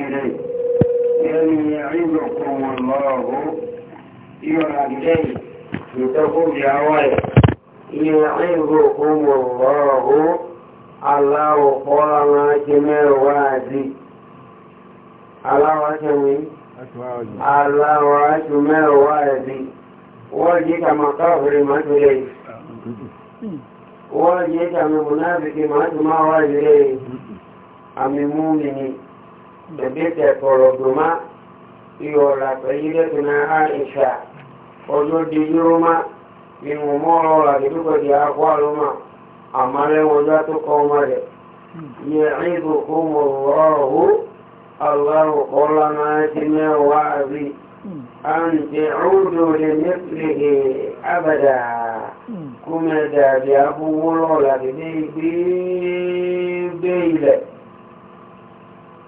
إليه يعني يعيدكم الله إلى إليه لتقول جوائب يعيدكم الله الله قوانا كما وادي الله واتمي الله واتمي وادي واجيك مقافر ما تليه واجيك من منافق ما تما وادي àmì múmìnì bẹ̀bẹ̀tẹ̀ pọ̀rọ̀dùmá ìyọ̀rà pẹ̀lúdẹ́tùnà àìṣà ọjọ́dé yúrọ́má inú mọ́rọ̀ làdìdúkọ̀dì àkọ́àlùmá àmàlẹ́wọ̀já tó kọ́ ọmọ rẹ̀ yẹ ẹ̀ẹ́dù kúmọ̀ rọ̀rọ̀hú aláwọ̀ kọ́lá máa ti mẹ́wàá rí àǹtí ọdún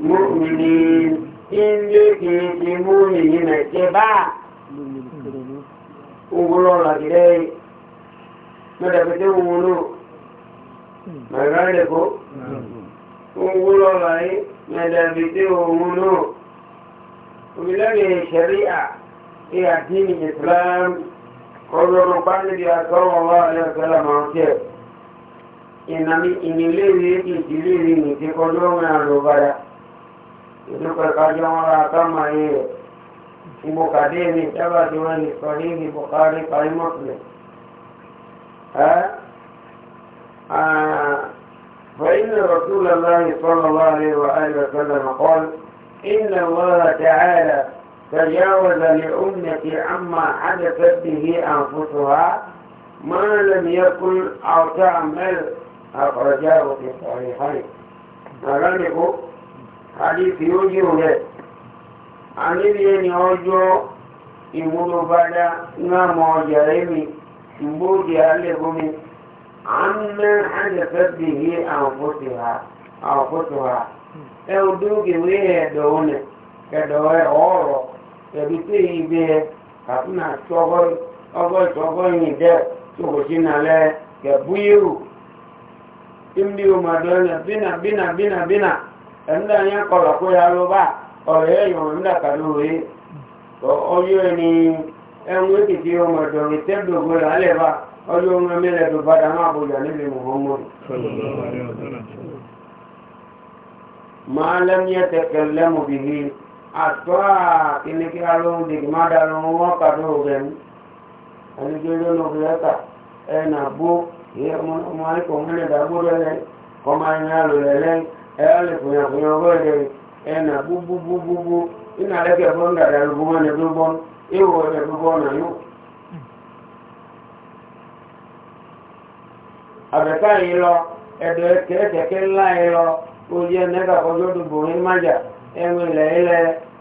مؤمنين ilé kìí ti mú nìyí nà jẹ báà òwúrọ̀ làgìrẹ́ mẹ́tàkẹ́tẹ́ wọn lò màgá lẹ́kọ́ òwúrọ̀ làyé mẹ́tàkẹ́tẹ́ wọn lò òmìnirin ìṣẹ̀ríà ní àdínì islam kọlọ́rọ̀ pálíbi àtọ́wọ̀n wà lẹ́sẹ̀lá máa ń tẹ̀ ìnàmì ìnílẹ̀ ìrẹ́ ìdílé ìrìn ìtẹ́kọ́ lọ́rùn àlùbáyà فإن رسول الله صلى الله عليه وآله وسلم قال إن الله تعالى تجاوز لأمتي عما حدثت به أنفسها ما لم يكن أو تعمل أخرجاه في الصحيحين أغلقوا àdífì ó jìrò rẹ̀ àníbi ẹni ọjọ́ ìwúlò bàdá náà mọ ọjà ẹ̀mí ìgbóòdì alẹ́ àmì àjẹfẹ́ bìí àwòfóso ha ha ẹ o dúró kèwé ẹ̀dọ̀ ọ̀nẹ̀ ẹ̀dọ̀ ọ̀rọ̀ ẹ̀bí tí ẹ kàtúnà yìí dẹ́ yìí rù bínà bínà bínà bínà. ẹ̀mdà ní kọ̀rọ̀ kó ya ló bá ọ̀rẹ́ ẹ̀yàn ẹ̀mdà kàdó wé ọjọ́ ẹni ẹ̀wọ̀n èkìtì ọmọ ìdọ̀rùn tẹ́gbògbò lálẹ́ bá ọjọ́ ọmọ mẹ́lẹ̀ tó padà máa bọ̀jà níbi muhammad máa lẹ́mí ẹ̀tẹ̀ kẹlẹ́ mọ̀ bì ní àtọ́ àkínníkí alóhùn dìgbì má dára wọn wọ́n kàdó rẹ̀ ní ẹni tó lẹ́lẹ́ ɛyɛlɛ fúnyà fúnyà ɔbɛ di ɛna bububububu ina lɛ kɛ fún gàdá lu bubɔ ni bubɔ iwɔ ni bubɔ na yó. abɛka yi lɔ ɛdɔ kɛkɛkɛ la yi lɔ olùyɛ nɛgà kɔjɔ tó bò ɛma dza ɛmɛ lɛ yi lɛ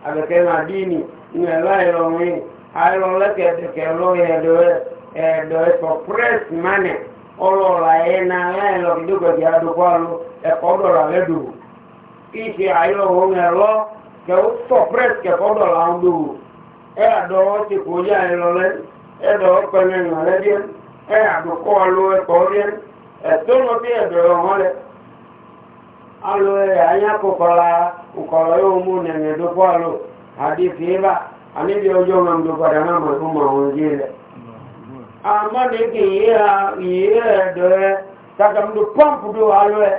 abɛka yi ma di ni ina la yi lɔ mi ayi lɔ lɛ kɛkɛ lɔ yɛ ɛdɔ yɛ ɛdɔ yɛ fɔ pírɛs mánɛ. ọlọ́ọ̀rọ̀ ayé náà láì lọ ìdúgbẹ̀jẹ́ adúgbọ́ ẹ̀kọ́dọ̀rọ̀ lẹ́dù kí n ṣe ayọ́ òun ẹ̀lọ́ kẹwọ́ sọpẹ́sì kẹfọ́dọ̀rọ̀ àwọn òun ẹ̀dọ̀ ti kò yá ẹ̀lọ́lẹ́ ẹ̀dọ̀ pẹ̀lẹ̀ ìrànlẹ́ dẹ́ ẹ̀ àdúgbọ́ ọlọ́ ẹ̀kọ́ dẹ́ ẹ̀tọ́nà bí ẹ̀dọ̀ ọ̀hán rẹ̀ alọ́ ẹ̀ àyàkọ̀kọ̀lá ọkọ̀ ọ̀lọ́ amane ke yea yea doe kaka mdu pump do aloe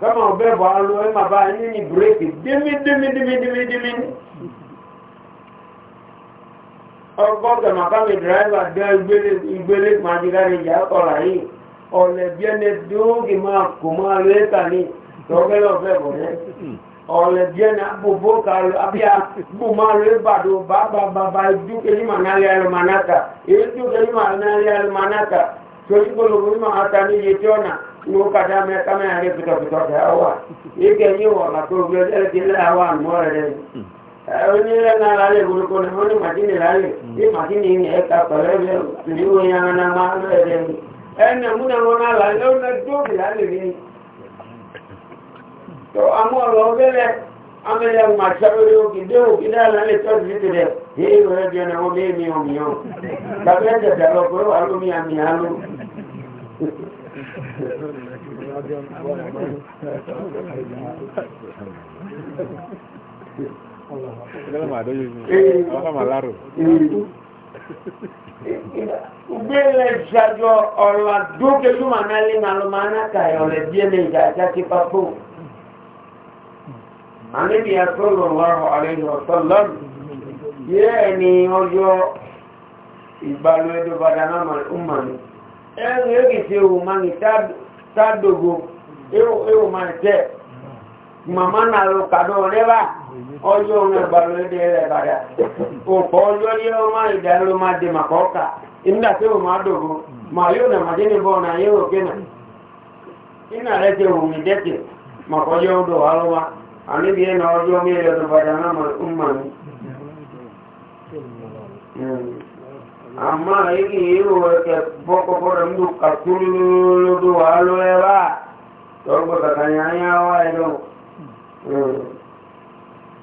kama ubebo aloe mabaya nini break dimi dimi dimi dimi dimi ọgbọ́gbẹ̀ màkàmì dìráìvà dẹ́ ìgbélé màjígáre ìyá ọ̀rà yìí ọ̀lẹ̀bí ẹni dúó kì máa kò máa lẹ́ẹ̀kà ní tọ́gbẹ́lọ́fẹ́ bọ̀ rẹ̀ ọ̀lẹ̀ díẹ̀ ní agbòbó kàrò abíyá gbòmọ̀ rẹ̀bàdò bàbàbàbà ìdúkèlì mànàlẹ̀ alùmánàkà ìdúkèlì mànàlẹ̀ alùmánàkà torí gbòlòwò ní màá ta ní iye tí ọ̀nà ní ó kàdá mẹ́ta mẹ́rin rẹ̀ pìtọ̀pìtọ̀ tẹ̀ wà ìkẹ́ ní ìwọ̀n àti òbí ọjọ́ ti lé àwọn àmọ́ rẹ̀ onílẹ̀ náà lálẹ́ ìwòlùkọ́ ni wọ́n ní màdínì lálẹ́ bí màdínì ẹ̀ka pẹ̀lẹ́ rẹ̀ tìlú ìwòyàn náà tó àmọ́ ọ̀rọ̀ ọ̀gẹ́lẹ̀ amẹ́lẹ̀ màṣẹ́lórí ògìdé ògìdé àlàlẹ̀ tọ́jú nítorí ẹ̀ èyí rẹ̀ jẹ́ ọ̀nà omi èmi òmìíràn tàbí ẹ̀jẹ̀ dàlọ́ pé wà lómi àmì àlò. Gbélé ìṣàjọ ọ̀rọ̀ àdókè túmọ̀ náà lé màlúmọ́ anáka ọ̀rẹ́ díẹ̀ ní ìjà àti àti pápó àníbi ẹ̀sọ́lọ̀ lọ́rọ̀ àlẹ́yìnwọ̀sọ́lọ́m yẹ́ ni ọjọ́ ìgbàlú ẹjọ́ bàdánà mọ̀lẹ́kùnmọ̀lẹ́ ẹ̀rù yóò kìí ewu ma ní tàdógó ewu ma ní tẹ́ màmá náà lọ kàdọ̀ rẹ́bà ọjọ́ ọ̀nà ìgbàlú ẹjọ́ rẹ̀ bàdá òpó ọjọ́ yẹ́ ọmọ ìdániló máa dè màkọ́ọ̀kà ìmúdà tí ewu máa dògó màá yóò nà màdé ní bọ́ọ̀ anibi yana wajo mai da zuba da namar umman amma yake yi wa ke boko koran duka kullu duwa loye ba to ba ka kan yanya wa ido hmm.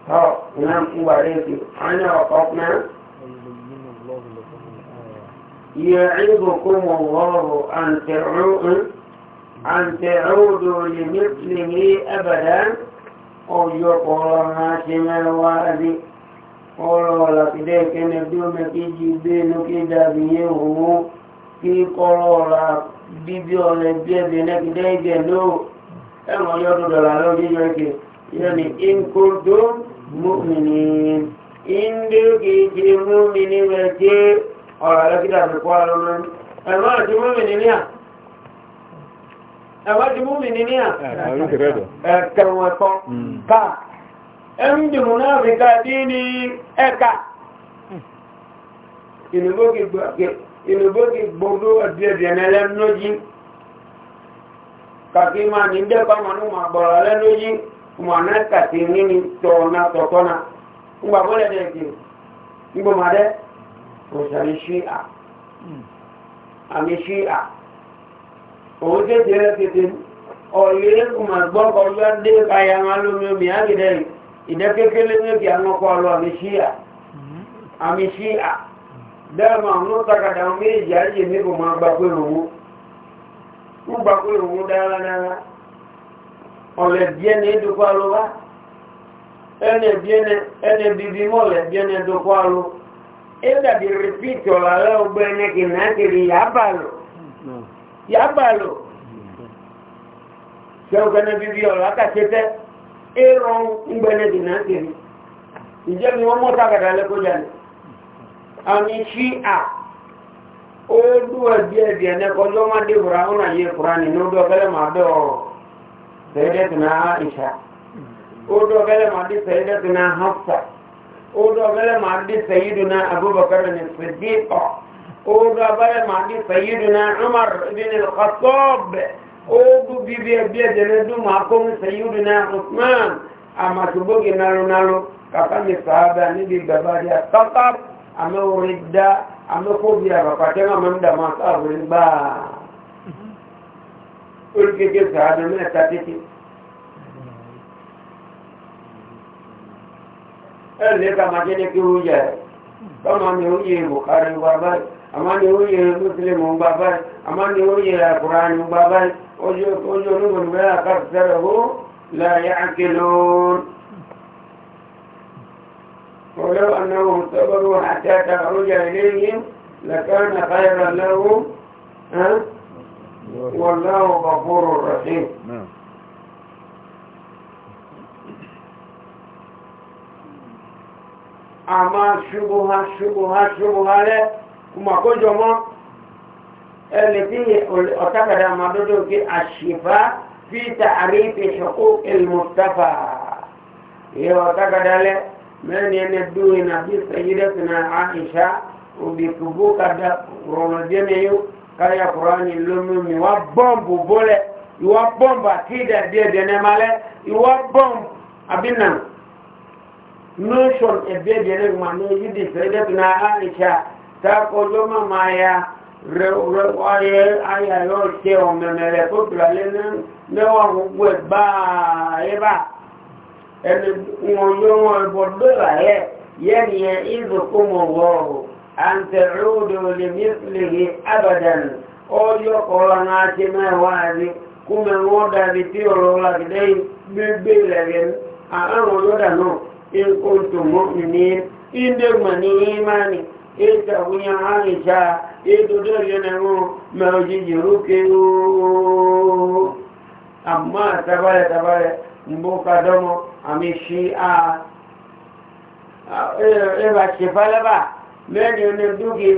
to ina oyo kọrọ ha ṣe mẹ́rọwá rí ọrọ̀ làkìdẹ́ kẹ́nẹ̀ bí ọmọ kéjì gbé lókè dàbí yé òun kí kọrọ ọ̀rà bíbí ọ̀rẹ́ bí ẹ̀bẹ̀ lẹ́kìdẹ́ ìgbẹ̀ ló ẹ̀wọ̀n yọ tó dọ̀là lórí yọ̀kẹ̀ yọ̀ni inkodo múmìnì indé kéjì múmìnì rẹ̀ ẹ̀wájú ah, hmm. mú mi nínú à ẹ̀kẹ̀rùn ẹ̀kọ́ ká ẹ̀rùn dìmú náà fi ká dí ní ẹ̀ka ìlúgbógi gbogbo ẹ̀dẹ̀dẹ̀ ẹlẹ́nlójí kàkí máa ní dẹ́kọ́ mọ̀nú mà bọ̀rọ̀ ẹlẹ́nlójí mọ̀nà kàtí nínú tọ̀ọ̀nà tọ̀tọ̀nà ngbàbọ́lẹ̀ dẹ̀ kì ngbọ̀mọdẹ́ kò sàmì ṣí à hmm. àmì ṣí à òun tètè rẹ̀ tètè ọ̀lẹ́ kùmà gbọ́kọ̀ yọ́ dé káyà wọn lómi omi ágìdẹ̀ ìdẹ́kékélé méjì àwọn ọkọ̀ ọlọ́ àmì ṣíà àmì ṣíà dẹ́mà ń tàkàdà méjì ayé mi kò máa gbà pé òun ń gbà pé òun dáradára ọ̀lẹ̀ díẹ̀ ní ìdókò alówá ẹnẹ bíbí mọ́ ọ̀lẹ̀ díẹ̀ ní ìdókò aló ẹ̀dàdì rìpíìtì ọ̀làlẹ́ ọgbẹ́ ẹnẹ kìnnà kiri yàbàlò ṣẹ́gbẹ́nẹ́ bíbí ọ̀rọ̀ akàṣẹ́tẹ́ ẹ̀rọ ìgbẹ̀lẹ̀ dìnà tèmi ìjẹ́ mi wọ́n mọ́ sàgàdà lẹ́kọ́ jẹ́ àmì ṣí à ó dú ẹ̀bí ẹ̀bí ẹ̀nẹ́kọjọ́ má dé bùrá ó nàyé fúra nínú ó dọ́gẹ́lẹ̀ máa bẹ́ ọ̀rọ̀ sẹ́ẹ̀dẹ́tìná ìṣà ó dọ́gẹ́lẹ̀ máa odu abara maadi sayyiduna umar ibn al-khattab odu bibi biya deledu ma ko sayyiduna usman ama tuboge nalu nalu. kaka mi sahaba ni bi baba dia kaka ame urida ame ko biya baba tenga manda masa urida ulke ke sahaba ne tatiki ele kama jene ki huja kama ni huji bukari wa bari amani oye muslimu babai amani oye alqurani babai oye oye nugun bela kaftarahu la ya'qilun ولو أنهم صبروا حتى تخرج إليهم لكان خيرا لهم أه؟ والله غفور رحيم أما شبهة شبهة شبهة kùmọ̀kójọmọ́ ẹni tí ọ̀tàkàdà àmàdódó kí àṣìfà fi tààrí fi ṣọ̀kú ilmùtàfà ìyẹ ọ̀tàkàdà lẹ mẹ́rin ẹni dúró nàbí sẹ́yídẹ́sìnà àìṣà òbí kùbú kàdà rọ̀rọ̀dẹ́mẹ́yó káyà kùránì lómi wá bọ́ǹbù bólẹ̀ ìwà bọ́ǹbù àkídà díẹ̀ dẹ́nẹ́málẹ́ ìwà bọ́ǹbù àbínà notion ẹ̀bẹ́ dẹ́nẹ́gbọ̀n ní yídì sẹ́yídẹ́sìnà àìṣà takọjọ́ màmá ya ayẹ ayọ̀ ṣe ọ̀mẹ̀mẹ̀rẹ̀ tó bìràlẹ́ mẹ́wàá gbogbo ẹ̀ gbáà ẹ̀bà ẹni wọn yóò wọn ẹ̀bọ̀ bẹ́ẹ̀ yẹ yẹ́n yẹ ìzùkú mọ̀ wọ́ọ̀rọ̀ àǹtẹ̀rọ̀dọ̀ lè mísìlìhì abadan ọjọ́ kọ̀ọ̀rọ̀ náà ti mẹ́wàá rí kúmẹ̀ wọ́n dàbí tí ọ̀rọ̀ làgídẹ́ gbégbé lẹ́yìn àárọ̀ lọ́dà náà in kò tó mọ́ nìyẹn in dẹ́gbọ̀n ní ìmánì ita wuyan aisha ito dori yana mu mawaji jiruke amma tabare tabare mboka domo amishi a eba shefalaba mẹ́rin ní dúkì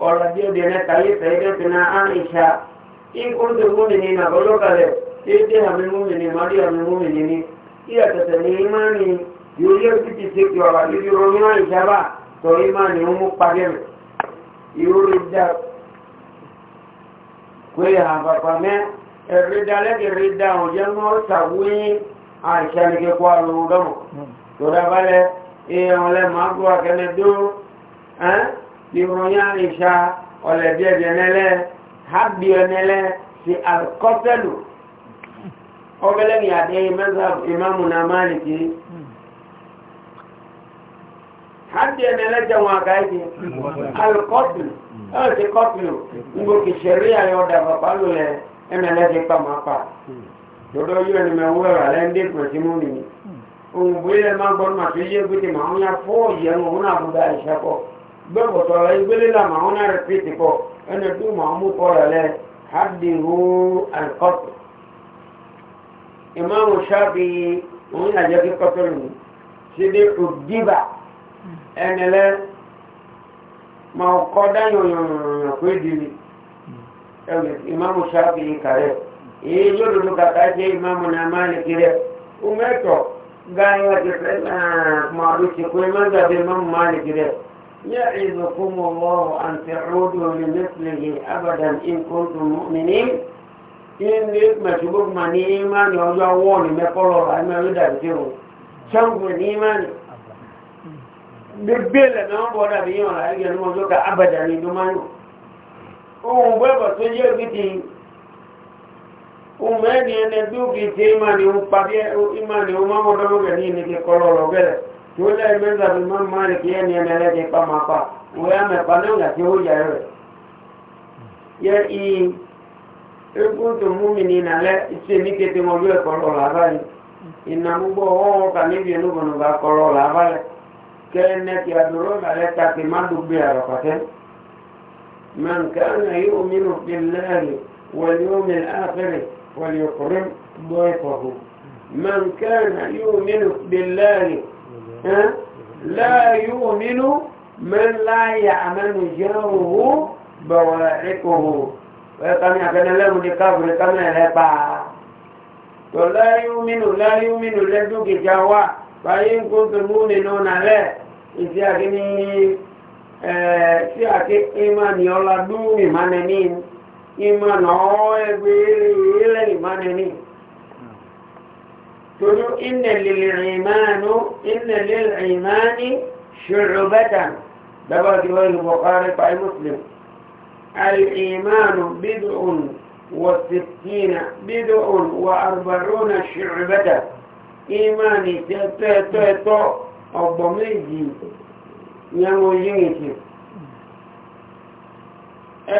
ọ̀rọ̀ bí obìnrin kàlí fẹ́ẹ́dẹ́ ti na aisha ìkúrúdù múmìnì na olókalẹ̀ ìdí àmì múmìnì mọ́rí àmì múmìnì ní ìyàtọ̀tẹ̀ ní imáni yóò yẹ́ títí sí kí ọ̀rọ̀ ìdí omi aisha bá torí máa ní wọ́n mú padì rẹ̀ irú rí dá pé àpapà mẹ́ ẹ̀rí dá lẹ́kì rí dá òjẹ́ mọ́ sàwúyí àìsànìkẹ́ kó àrùn dọ́mọ̀ tó dábálẹ̀ èèyàn lẹ́ máa gbọ́ akẹ́lẹ́ dó ìròyìn àìsà ọ̀lẹ̀bí ẹ̀dẹ̀ nẹ́lẹ́ hadi emeleta mwagaidi alkotlu ati kotlu ngo kisheria yoda papalule emelete kama hapa dodo hiyo nimeuwewa lendi mwesimuni umbwile mangon matuye kuti maonya fo yengo una budaisha ko bebo tola ibwile la maona repiti ko ene tu maamu kola le hadi hu alkotlu imamu shafi unaje ni? sidi kudiba ẹni lẹ́ ma ọkọ̀ dáyọ̀yọ̀yọ̀ pé di ni ẹgbẹ̀ ìmáàmù sáàfì ìkàrẹ̀ èyí lódodo kàkà jẹ́ ìmáàmù náà máa lè kiri ó mẹ́tọ̀ gáyọ̀ ìfẹ́ máa ló ti pé má gbàgbé ìmáàmù máa lè kiri yẹ ìzùkúmọ̀ lọ́wọ́ àǹtẹ̀ ọdún ní mẹ́sìlẹ̀ abadan ìkóńtù mọ́mìnì ní mẹ́tùgbọ́gbọ̀n ní ìmáàmù ọjọ́ wọ́ọ̀lù mẹ́kọ́lọ́ àmì ọjọ́ dàbí tí ó sọ́ngbọ̀n gbogbo ẹlẹmẹ ń bọ dàbí yàn láyé yẹn ló ló ka abàdà ní ìdúmánù ohun bẹ́ẹ̀bọ̀ tó yé gidi ohun ẹni ẹni tó fi ṣe ìmàní ń pàdé ìmàní ń máa mọ́tọ́ lókè ní ìnìkè kọlọ̀ lọ́gẹ̀rẹ̀ tó lẹ́yìn mẹ́ta fi máa máa lè fi ẹni ẹni ẹlẹ́dẹ̀ pa máa pa òun yà mẹ́pa náà yà sí òòyà rẹ̀ yẹ i eku tó mú mi ní ìnàlẹ́ ṣe ní kété mọ́jú ẹ̀kọ́ lọ́ làbáyé ìnàmúgbọ́ ọ̀hún kà níbi ẹnu كأنك يدرون على تعتمد بها رقتين من كان يؤمن بالله واليوم الآخر وليكرم ضيفه من كان يؤمن بالله ها؟ لا يؤمن من لا يعمل جاره بوائقه ويقام يعمل له لكفر كما يبع ولا يؤمن لا يؤمن لدوك جوا فإن كنت مؤمنون له ìsí àti ní sí àti ìmá ni ọlá dún ìmánẹni ìmá náà ẹgbẹ́ ilẹ̀ ìmánẹni torí ìnẹ̀lẹ̀lẹ̀ ìmáni ṣùrùbẹ́tàn dábàá tí wọ́n yìí bọ̀kárí pàí muslim al'imánu bid'un wa sittina bid'un wa arba'una ṣùrùbẹ́tàn ìmáni tẹ́tẹ́tẹ́tọ́ ọ̀gbọ̀n méjì ní àwọn yínkì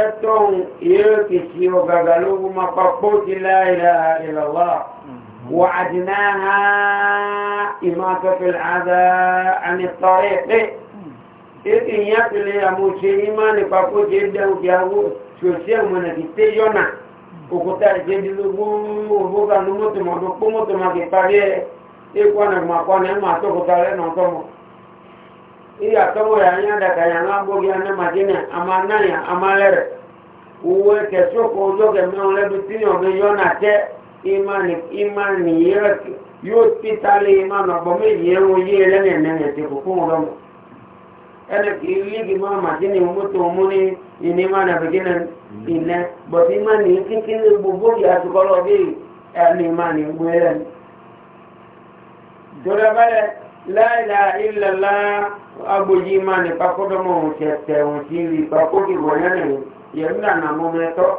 ẹ̀tọ́ ìrẹ́kì sí ọ̀gàgà lógún ma papọ̀ ti láìlà ìlọ́wà wà àdínà ha ìmọ̀tọ̀fẹ̀lẹ̀ àdá ànìtọ̀rẹ̀ pé ìrẹ́kì ìyá pẹ̀lẹ̀ àmúṣe ní má ní papọ̀ ti dẹ̀wù kí awó ṣòṣì ẹ̀mọ̀nà ti tẹ́ yọ́nà òkúta ìṣẹ́dínlógún òbúkà ní mọ́tòmọ́tò ikú ọ̀nà ìmọ̀kọ́ ni ẹ̀mọ̀ àtọ́kùtà lẹ́nà ọ̀tọ́mọ̀ iye àtọ́mọ̀ rẹ̀ ayé àdàkà yà ńlá gbógi ẹni màdínà àmà náyà àmà lẹ́rẹ̀ òwe kẹsọ́kọ̀ ọjọ́kẹ̀ mẹ́wọn lẹ́bi tí yàn mi yọ nà tẹ́ ni nìyẹn yóò ti ta lé ìmà nàbọ̀ méjì yẹn wọ yé lẹ́nà ẹ̀nà ti kò fún ọ̀dọ́mọ ẹni kì í lígi mọ́ màdínà mọ́tò mú ní ìní má nà bìgínà ìnẹ bọ̀t ìmà ni kíkí ní gbogbo yà àtúkọ́ lọ bí ẹni ìmà nìyẹn gbé lẹ́nu dọ́dọ̀bálẹ̀ láìlà ìlàlá agbójí máa ní pakọ́dọ́mọ̀ òun tẹ̀tẹ̀ òun ti rí pakọ́dì wọ̀nyẹ́ nìyí yẹ̀rù nànà mọ́mẹ́tọ́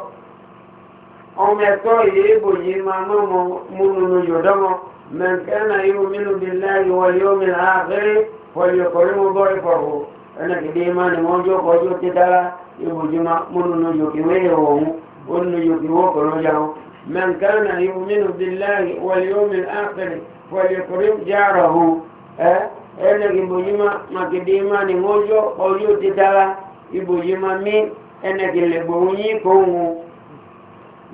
ọmọ ẹ̀tọ́ ìyẹ́bò yìí máa mọ́ mọ́ múnunu yọ̀dọ́mọ́ mẹ́kẹ́nà yóò mínú bí láì wọ yóò mi láàbẹ́rẹ́ pọ̀lì pọ̀lì mo bọ́rẹ̀ pọ̀rọ̀ ẹnà kìdí máa ní wọ́n jókòó ọjọ́ ti dára ìbòjì máa múnunu yòkìwé ìwọ̀hún ó nínú yòkìwó kọ̀ọ̀lọ́jà wọn mẹ́kẹ́nà yóò mínú bí láì wọ yóò mi láàbẹ́rẹ́ fọlẹ̀kùnrin jáàrọ̀ hù ẹ́ ẹnẹ́gì ìbòyímá màkìdímá ni wọ́n yọ ọyọ́ ti dára ìbòyímá mí ẹnẹ́gì lẹ̀gbọ̀n yín kò hù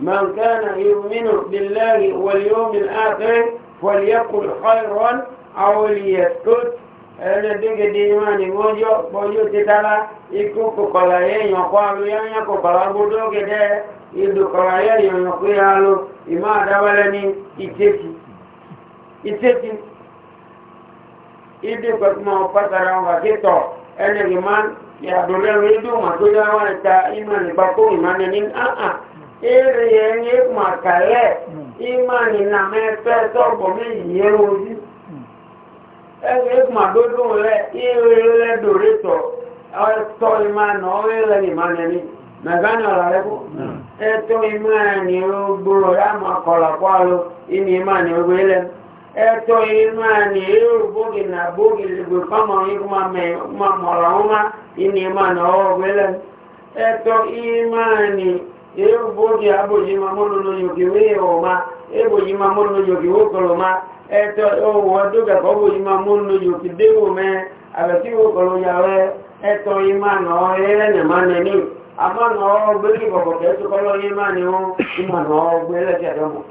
من كان يؤمن بالله واليوم الآخر فليقل خيرا أو ليسكت ẹ̀rẹ́ dégé di ìmọ̀ ni wọ́n yọ pọ̀jú títàlá ikú kòkòrò èèyàn kọ́ àríyànjẹ́ kòkòrò agbódó gẹ́gẹ́ ìdòkòrò èèyàn kó yá ìmọ̀ àdáwọ́lẹ́ ní ìtẹ́sì ya ìtẹ́sí ìdí pẹ̀kúmọ̀ pàtàrà wà kétọ̀ ẹni ìmá yàdùnlẹ́rù ìdú màtójá wà níta ìmá nípa kó ìmá nẹni áhà èrè ẹni ẹkùnmà kàlẹ̀ ìmá nìna mẹ́fẹ́ sọ́gbọ̀ méjì ẹrù ojú ẹni ẹkùnmà ni rẹ̀ èrè lẹ́dòrétọ̀ ẹ̀tọ́ ìmá nà ọ́rẹ́lẹ̀ ìmá nẹni mẹ̀gánà ọ̀làrẹ́ kú ẹ̀tọ́ ìmá ẹni ó gbòòrò yá ẹ̀tọ́ ìmáàni èrò bógi nà bógi lègbè fámọ̀ ìmọ̀mọ̀rọ̀ ọmọ ìní ìmáàni ọwọ́ gbẹ́lẹ̀ ẹ̀tọ́ ìmáàni èrò bógi abòjì mamọ́lòlò yòkèwé ọ̀ma ebòjì mamọ́lòlò yòkèwé kọlọ̀ma ẹ̀tọ́ owó ọdúnkẹ̀kọ́ bòjì mamọ́lòlò yòkèdéwò mẹ́ àbẹ̀tíwò kọlọ̀yàwẹ́ ẹ̀tọ́ ìmáàni ọ̀rẹ́rẹ́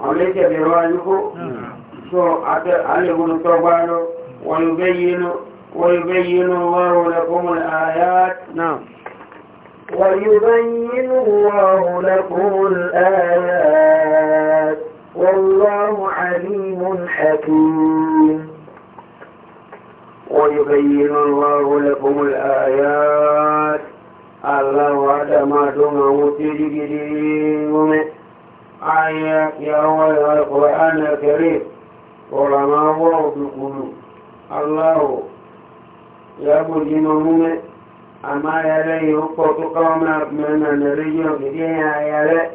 عليك بروايكو سو علمون ويبين ويبين الله لكم الآيات نعم ويبين الله لكم الآيات والله عليم حكيم ويبين الله لكم الآيات الله عدم دمه تجري آية يروي القرآن الكريم ولما هو في قلوب الله يقول جنومنا أما يلي يقول تقوم من الرجل بديها يلي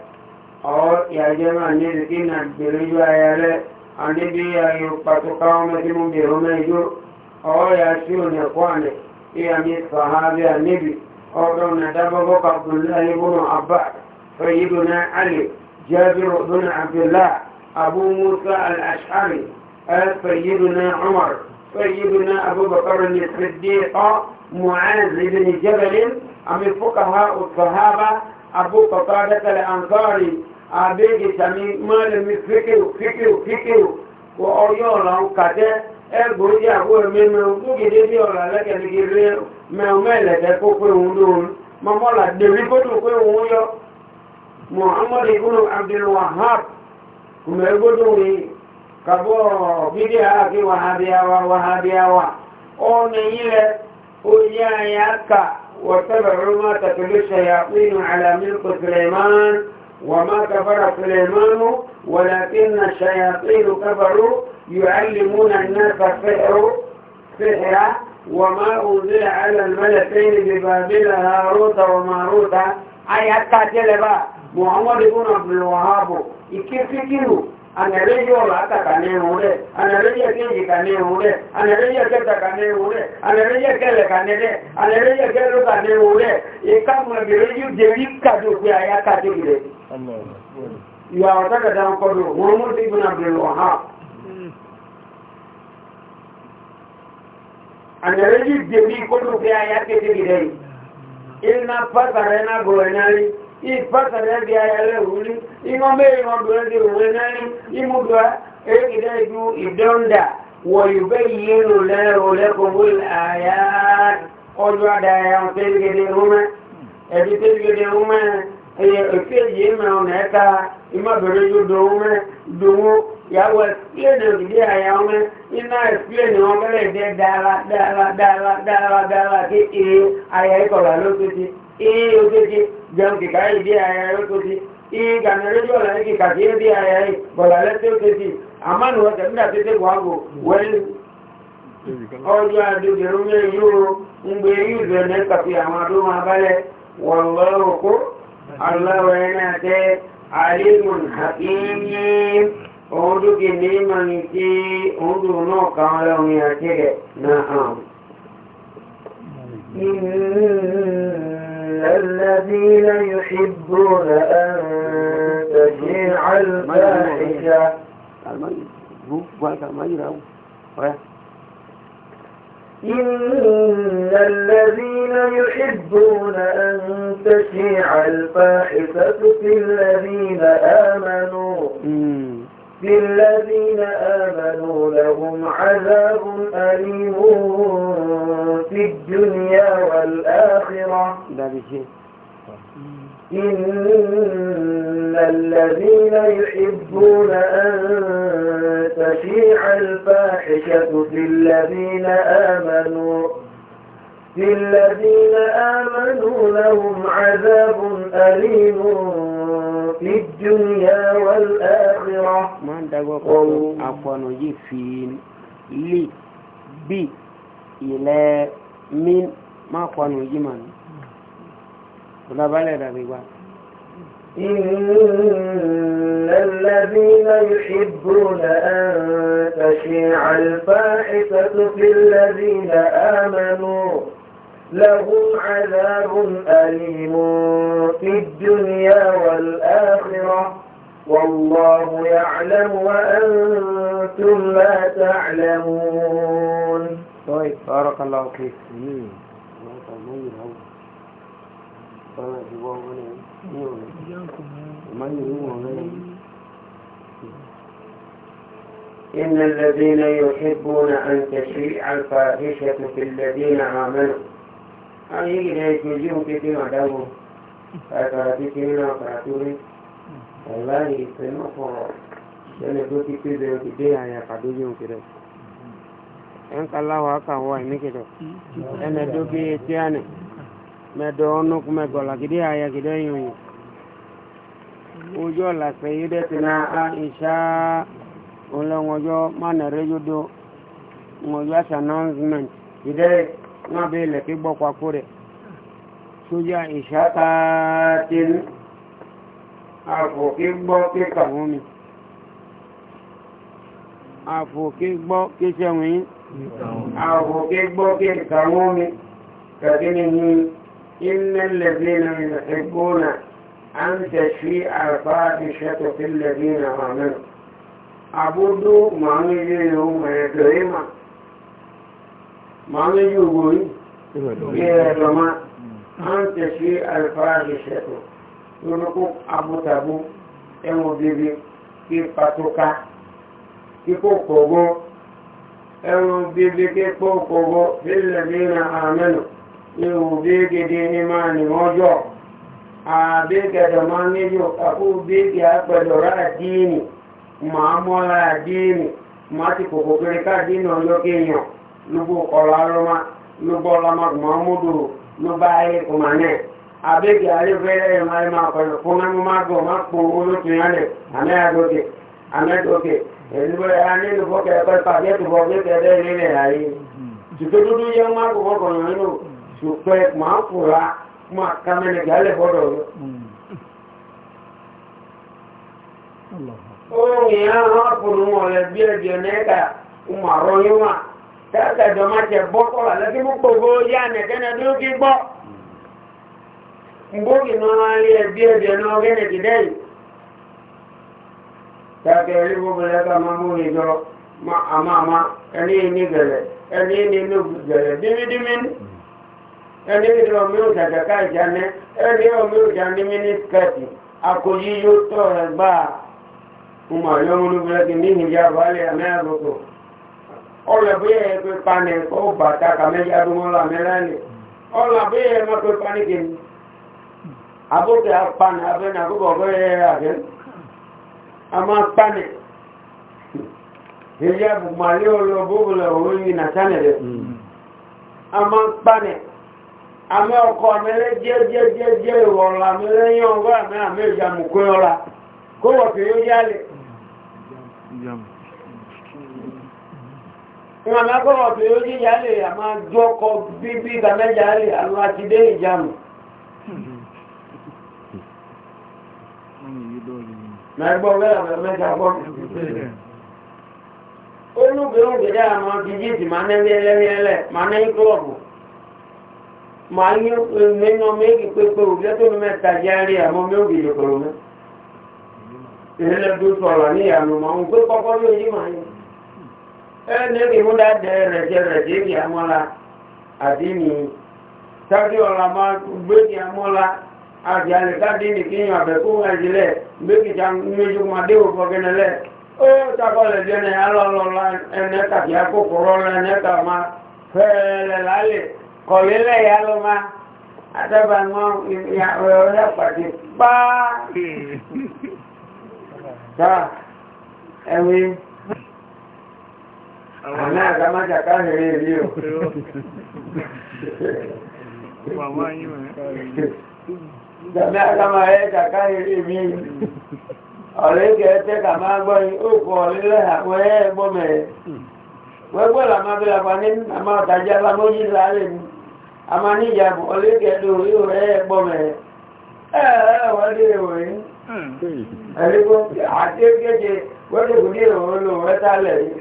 أو يجمع نذكنا برجل يلي أنبي يقول تقوم من برمجل أو يسيون إخوانه يعني صحابي النبي أو دون دبب عبد الله بن عباس سيدنا علي جابر بن عبد الله أبو موسى الأشعري سيدنا عمر سيدنا أبو بكر الصديق معاذ بن جبل أم الفقهاء الصحابة أبو قطادة الأنصاري أبي سمير مال فكر فكر فكر وأيولا كذا ẹgbòójì àbúrò من múgidé ní ọ̀rọ̀ alẹ́kẹ̀ẹ́gẹ̀rẹ́ mẹ́ọ̀mẹ́lẹ̀kẹ́ kó pé òun lóòrùn mọ́mọ́là dèrí kó dùn pé محمد بن عبد الوهاب كما يقولون كبو بيديا كي وهابيا وهابيا و او الى ويا ياكا واتبعوا ما تتلو الشياطين على ملك سليمان وما كفر سليمان ولكن الشياطين كفروا يعلمون الناس السحر سحرا وما أنزل على الملكين ببابل هاروت وماروت أي حتى تلبا muhammadu ibn abdul wahab ìkéfíkìrù anẹ̀lẹ́yẹ ọ̀rọ̀ àtàkà ní irun rẹ̀ anẹ̀lẹ́yẹ kéèjì kà ní irun rẹ̀ anẹ̀lẹ́yẹ kẹta kà ní irun rẹ̀ anẹ̀lẹ́yẹ kẹlẹ̀ kà ní rẹ̀ anẹ̀lẹ́yẹ kẹlẹ̀ kà ní irun rẹ̀ ìkàmù ẹ̀bẹ̀rẹ̀ yóò jẹ́ rí kàdé òpin àyà kàdé rẹ̀ ìwà ọ̀tàkàdà ìpàtàlẹ́ bí ayẹlẹ́ òwúrí ìwọ́n mẹ́rin ọdún ẹgbẹ̀ òwúrí náírì ìmúdùá èkìdá ìlú ìdọ́ndà wọ̀nyùbẹ́ yìí lò lẹ́rọ lẹ́kọ̀ọ́ àyà ọjọ́ àdáyà tẹ́lẹ̀gẹ̀dẹ̀ rúmẹ́ ẹ̀bí tẹ́lẹ̀gẹ̀dẹ̀ rúmẹ́ ẹ̀yẹ òfin yìí mẹ́rin ẹ̀ka ìmọ̀bẹ̀rẹ̀ yóò dòun mẹ́ dòun yàwó ẹ̀sìlẹ̀nì òdìdí àyà ọmọ iná ẹ̀sìlẹ̀nì wọn bẹ̀rẹ̀ jẹ́ dára dára dára jẹun kìkà yìí bí ayẹyẹ yóò tó ti ìgbàna rédíò lẹ́yìn kìkà kí yóò bí ayẹyẹ bọ̀lá lẹ́tẹ́ ó tẹ́tì àmánu ọ̀tẹ̀ nígbà tẹ́tẹ́ wà gò wẹ́lú ọjọ́ àdúgbẹ̀rún mẹ́rin yóò ń gbé yóò bẹ̀rẹ̀ ní kàfí àwọn adúmọ̀ abálẹ̀ wọ̀n lọ́rọ̀ kó aláwọ̀ ẹ̀rẹ́ àtẹ́ àríwọ̀n àkíyìn òun dúkì ní ìmọ̀ni tí òun dùn náà kàwọn lọ́wọ́ ìrìnàjẹ́ rẹ̀ náà hàn. الذين يحبون أن تجيع الفاحشة إن الذين يحبون أن تشيع الفاحشة في الذين آمنوا للذين آمنوا لهم عذاب أليم في الدنيا والآخرة إن الذين يحبون أن تشيع الفاحشة في الذين آمنوا للذين آمنوا لهم عذاب أليم في الدنيا والآخرة ما دعوة عفوا يفين لي بي إلى من ما قانو يمان ولا بالي ربيبا إن الذين يحبون أن تشيع الفاحشة في الذين آمنوا لهم عذاب أليم في الدنيا والآخرة والله يعلم وأنتم لا تعلمون طيب بارك الله فيك إن الذين يحبون أن تشيع الفاحشة في الذين آمنوا Àwọn yìí lè gbèjú kékeré ọ̀dáwò, àìkàrà kékeré náà kàrà tó rí. Ọ̀la yìí pẹ̀lú ọ̀pọ̀ ìṣẹ̀lẹ̀ tó ti pé bẹ̀rẹ̀ ti dé àyà àkàdójú òkèrè. Ẹnka láwa kàwọ́ ẹ̀míkìdọ̀. Ẹnẹ dókè etí àná. Mẹ̀dọ̀ ọ̀nùkú mẹ̀gọ̀là kìdí àyà kìdọ̀ yìnyín. Ojú ọ̀la pẹ̀yì dẹ́ ti na á ìṣá ọlọ́wọ́jọ́ mánà rédíò do ọjọ́ àti announcement. Ìdẹ́rẹ̀ náà bí ilẹ̀ kí gbọ́ kwakú rẹ̀ sójá ìṣàtàtìlú àfò kí gbọ́ kí kàwọn mi àfò kí gbọ́ kí sẹ́wọ̀n yí àfò kí gbọ́ kí kàwọn mi kàkí ni yí iná lẹ́bí na ìgbóná ما يجوبون يرمى أن تشيء الفاحشة ينقو أبو تابو ẹ̀wọ̀n bèbè kí pàtóká kí kò kọ̀gọ́ ẹ̀wọ̀n bèbè kí kò kọ̀gọ́ bílẹ̀ bílẹ̀ àmẹ́nu ihò bègèdè ní máa ní ọjọ́ àbẹ́gẹ̀dẹ̀ máa nílò àkó bèbè àpẹ̀dọ̀rá àdínì màá mọ́lá àdínì màá ti kòkòkèrè káàdínì ọlọ́kẹ́yàn nubu kɔlɔ aloma nubu ɔlama mɔmudu nubu ayi kumanɛ abegi ale fɛ ɛyɛ mayi ma kɔlɔ kunamu ma do ma kpo olu tunya lɛ ame ya do ke ame do ke edigbo ya ani nubu kɛ ɛfɛ pàdé tubɔ bi kɛ ɛdɛ yi lɛ ayi tutututu yɛ ma do kɔ kɔlɔ yɛ no sukpɛ kuma dáadáa ìjọ máa tẹ̀ bọ́ kọ́lá lẹ́bí mú gbogbo yá nẹ̀kẹ́nẹ̀ bí kí gbọ́ mbógi náà rí ẹbí ẹbí ẹ̀nà ọgẹ́nẹ̀ kìdẹ́ yìí dáadáa rí gbogbo lẹ́ka máa mú mi jọ àmàmà ẹni ní gẹ̀rẹ̀ ẹni ní inú gẹ̀rẹ̀ dímídímí ẹni ní ọmọ ẹni ọmọ ní mínísítẹ̀tì yóò ọlọ bí ẹ pé panẹ kó bàtà kàmẹ́yà dún ọlọ mẹ́rẹ́ ni ọlọ bí ẹ má pé panẹ kìíní abókè apanẹ abẹ́nà àkókò ọgbẹ́ ẹ àgẹ́ a máa panẹ èyí àbùmọ̀lé olóbóbulẹ̀ òun yìí nà sánẹ̀lẹ̀ a máa panẹ àmì ọkọ̀ mẹ́rẹ́ jẹ́jẹ́jẹ́jẹ́ ìwọ̀rọ̀ àmẹ́rẹ́ yán ọgbà mẹ́rẹ́ àmẹ́jà mùkúnyọ́ra kó wọ̀ ìrànlá kọ́rọ̀ tó yóò jí ìyá lè àmà jọ́kọ bíbí ìgbàmẹ́jà lè àwọn àti dé ìjàmù olúgbèrún gbèrè àwọn jíjìtì máa ní ẹlẹ́rẹ́lẹ́ máa ní kílọ̀bù máa ní mẹ́nà méjì pépé òjẹ́ tó mẹ́ta jẹ́rí àmọ́ méjì ìpòrò mẹ́ ìrẹ́lẹ́dún sọ̀rọ̀ ní ìyànà máa ń pé kọ́kọ́ lóyí máa yìí ẹni ìwọ́n dá dẹ rẹ̀jẹ̀ rẹ̀jẹ̀ ní àmọ́lá àti ní tàbí ọ̀la máa gbé ní àmọ́lá àti àlẹ́kádé ní kí yàn àbẹ̀kú ẹ̀jẹ̀lẹ̀ méjìká méjì máa dé òfò gẹ́nẹ̀lẹ̀ ó takọ̀lẹ̀ jẹ́ ní alọ́lọ́lá ẹni tàbí akókòrò ẹni tà máa fẹ́ẹ̀lẹ̀ lálẹ́ kọ̀lélẹ̀ yà ló máa àtẹ́bà wọn ìyá pàdé pàá hmm. ẹ̀wìn àmì àgámájà káàkiri èrí o jàmí àgámá ẹ̀ẹ́jà káàkiri èrí ọ̀rẹ́ ìkẹ́ ẹ̀tẹ́ kà máa gbọ́ ìkọ̀ lílẹ̀ àwọn ẹ̀ẹ́gbọ́mẹ̀ wẹ́gbọ́ làmá bí làpá ní àmà ọ̀tajà lámójì lálẹ́ ní àmà ní ìyàbọ̀ ọ̀lẹ́kẹ̀ẹ́dò yóò ẹ̀ẹ́gbọ́mẹ̀ ẹ̀ẹ́wọ́dé ìròyìn ẹ̀ẹ́gbọ́n hmm. àti ẹ̀kẹ́jẹ wẹ́dẹ̀kùdí ìròyìn lò wẹ́tálẹ̀ yìí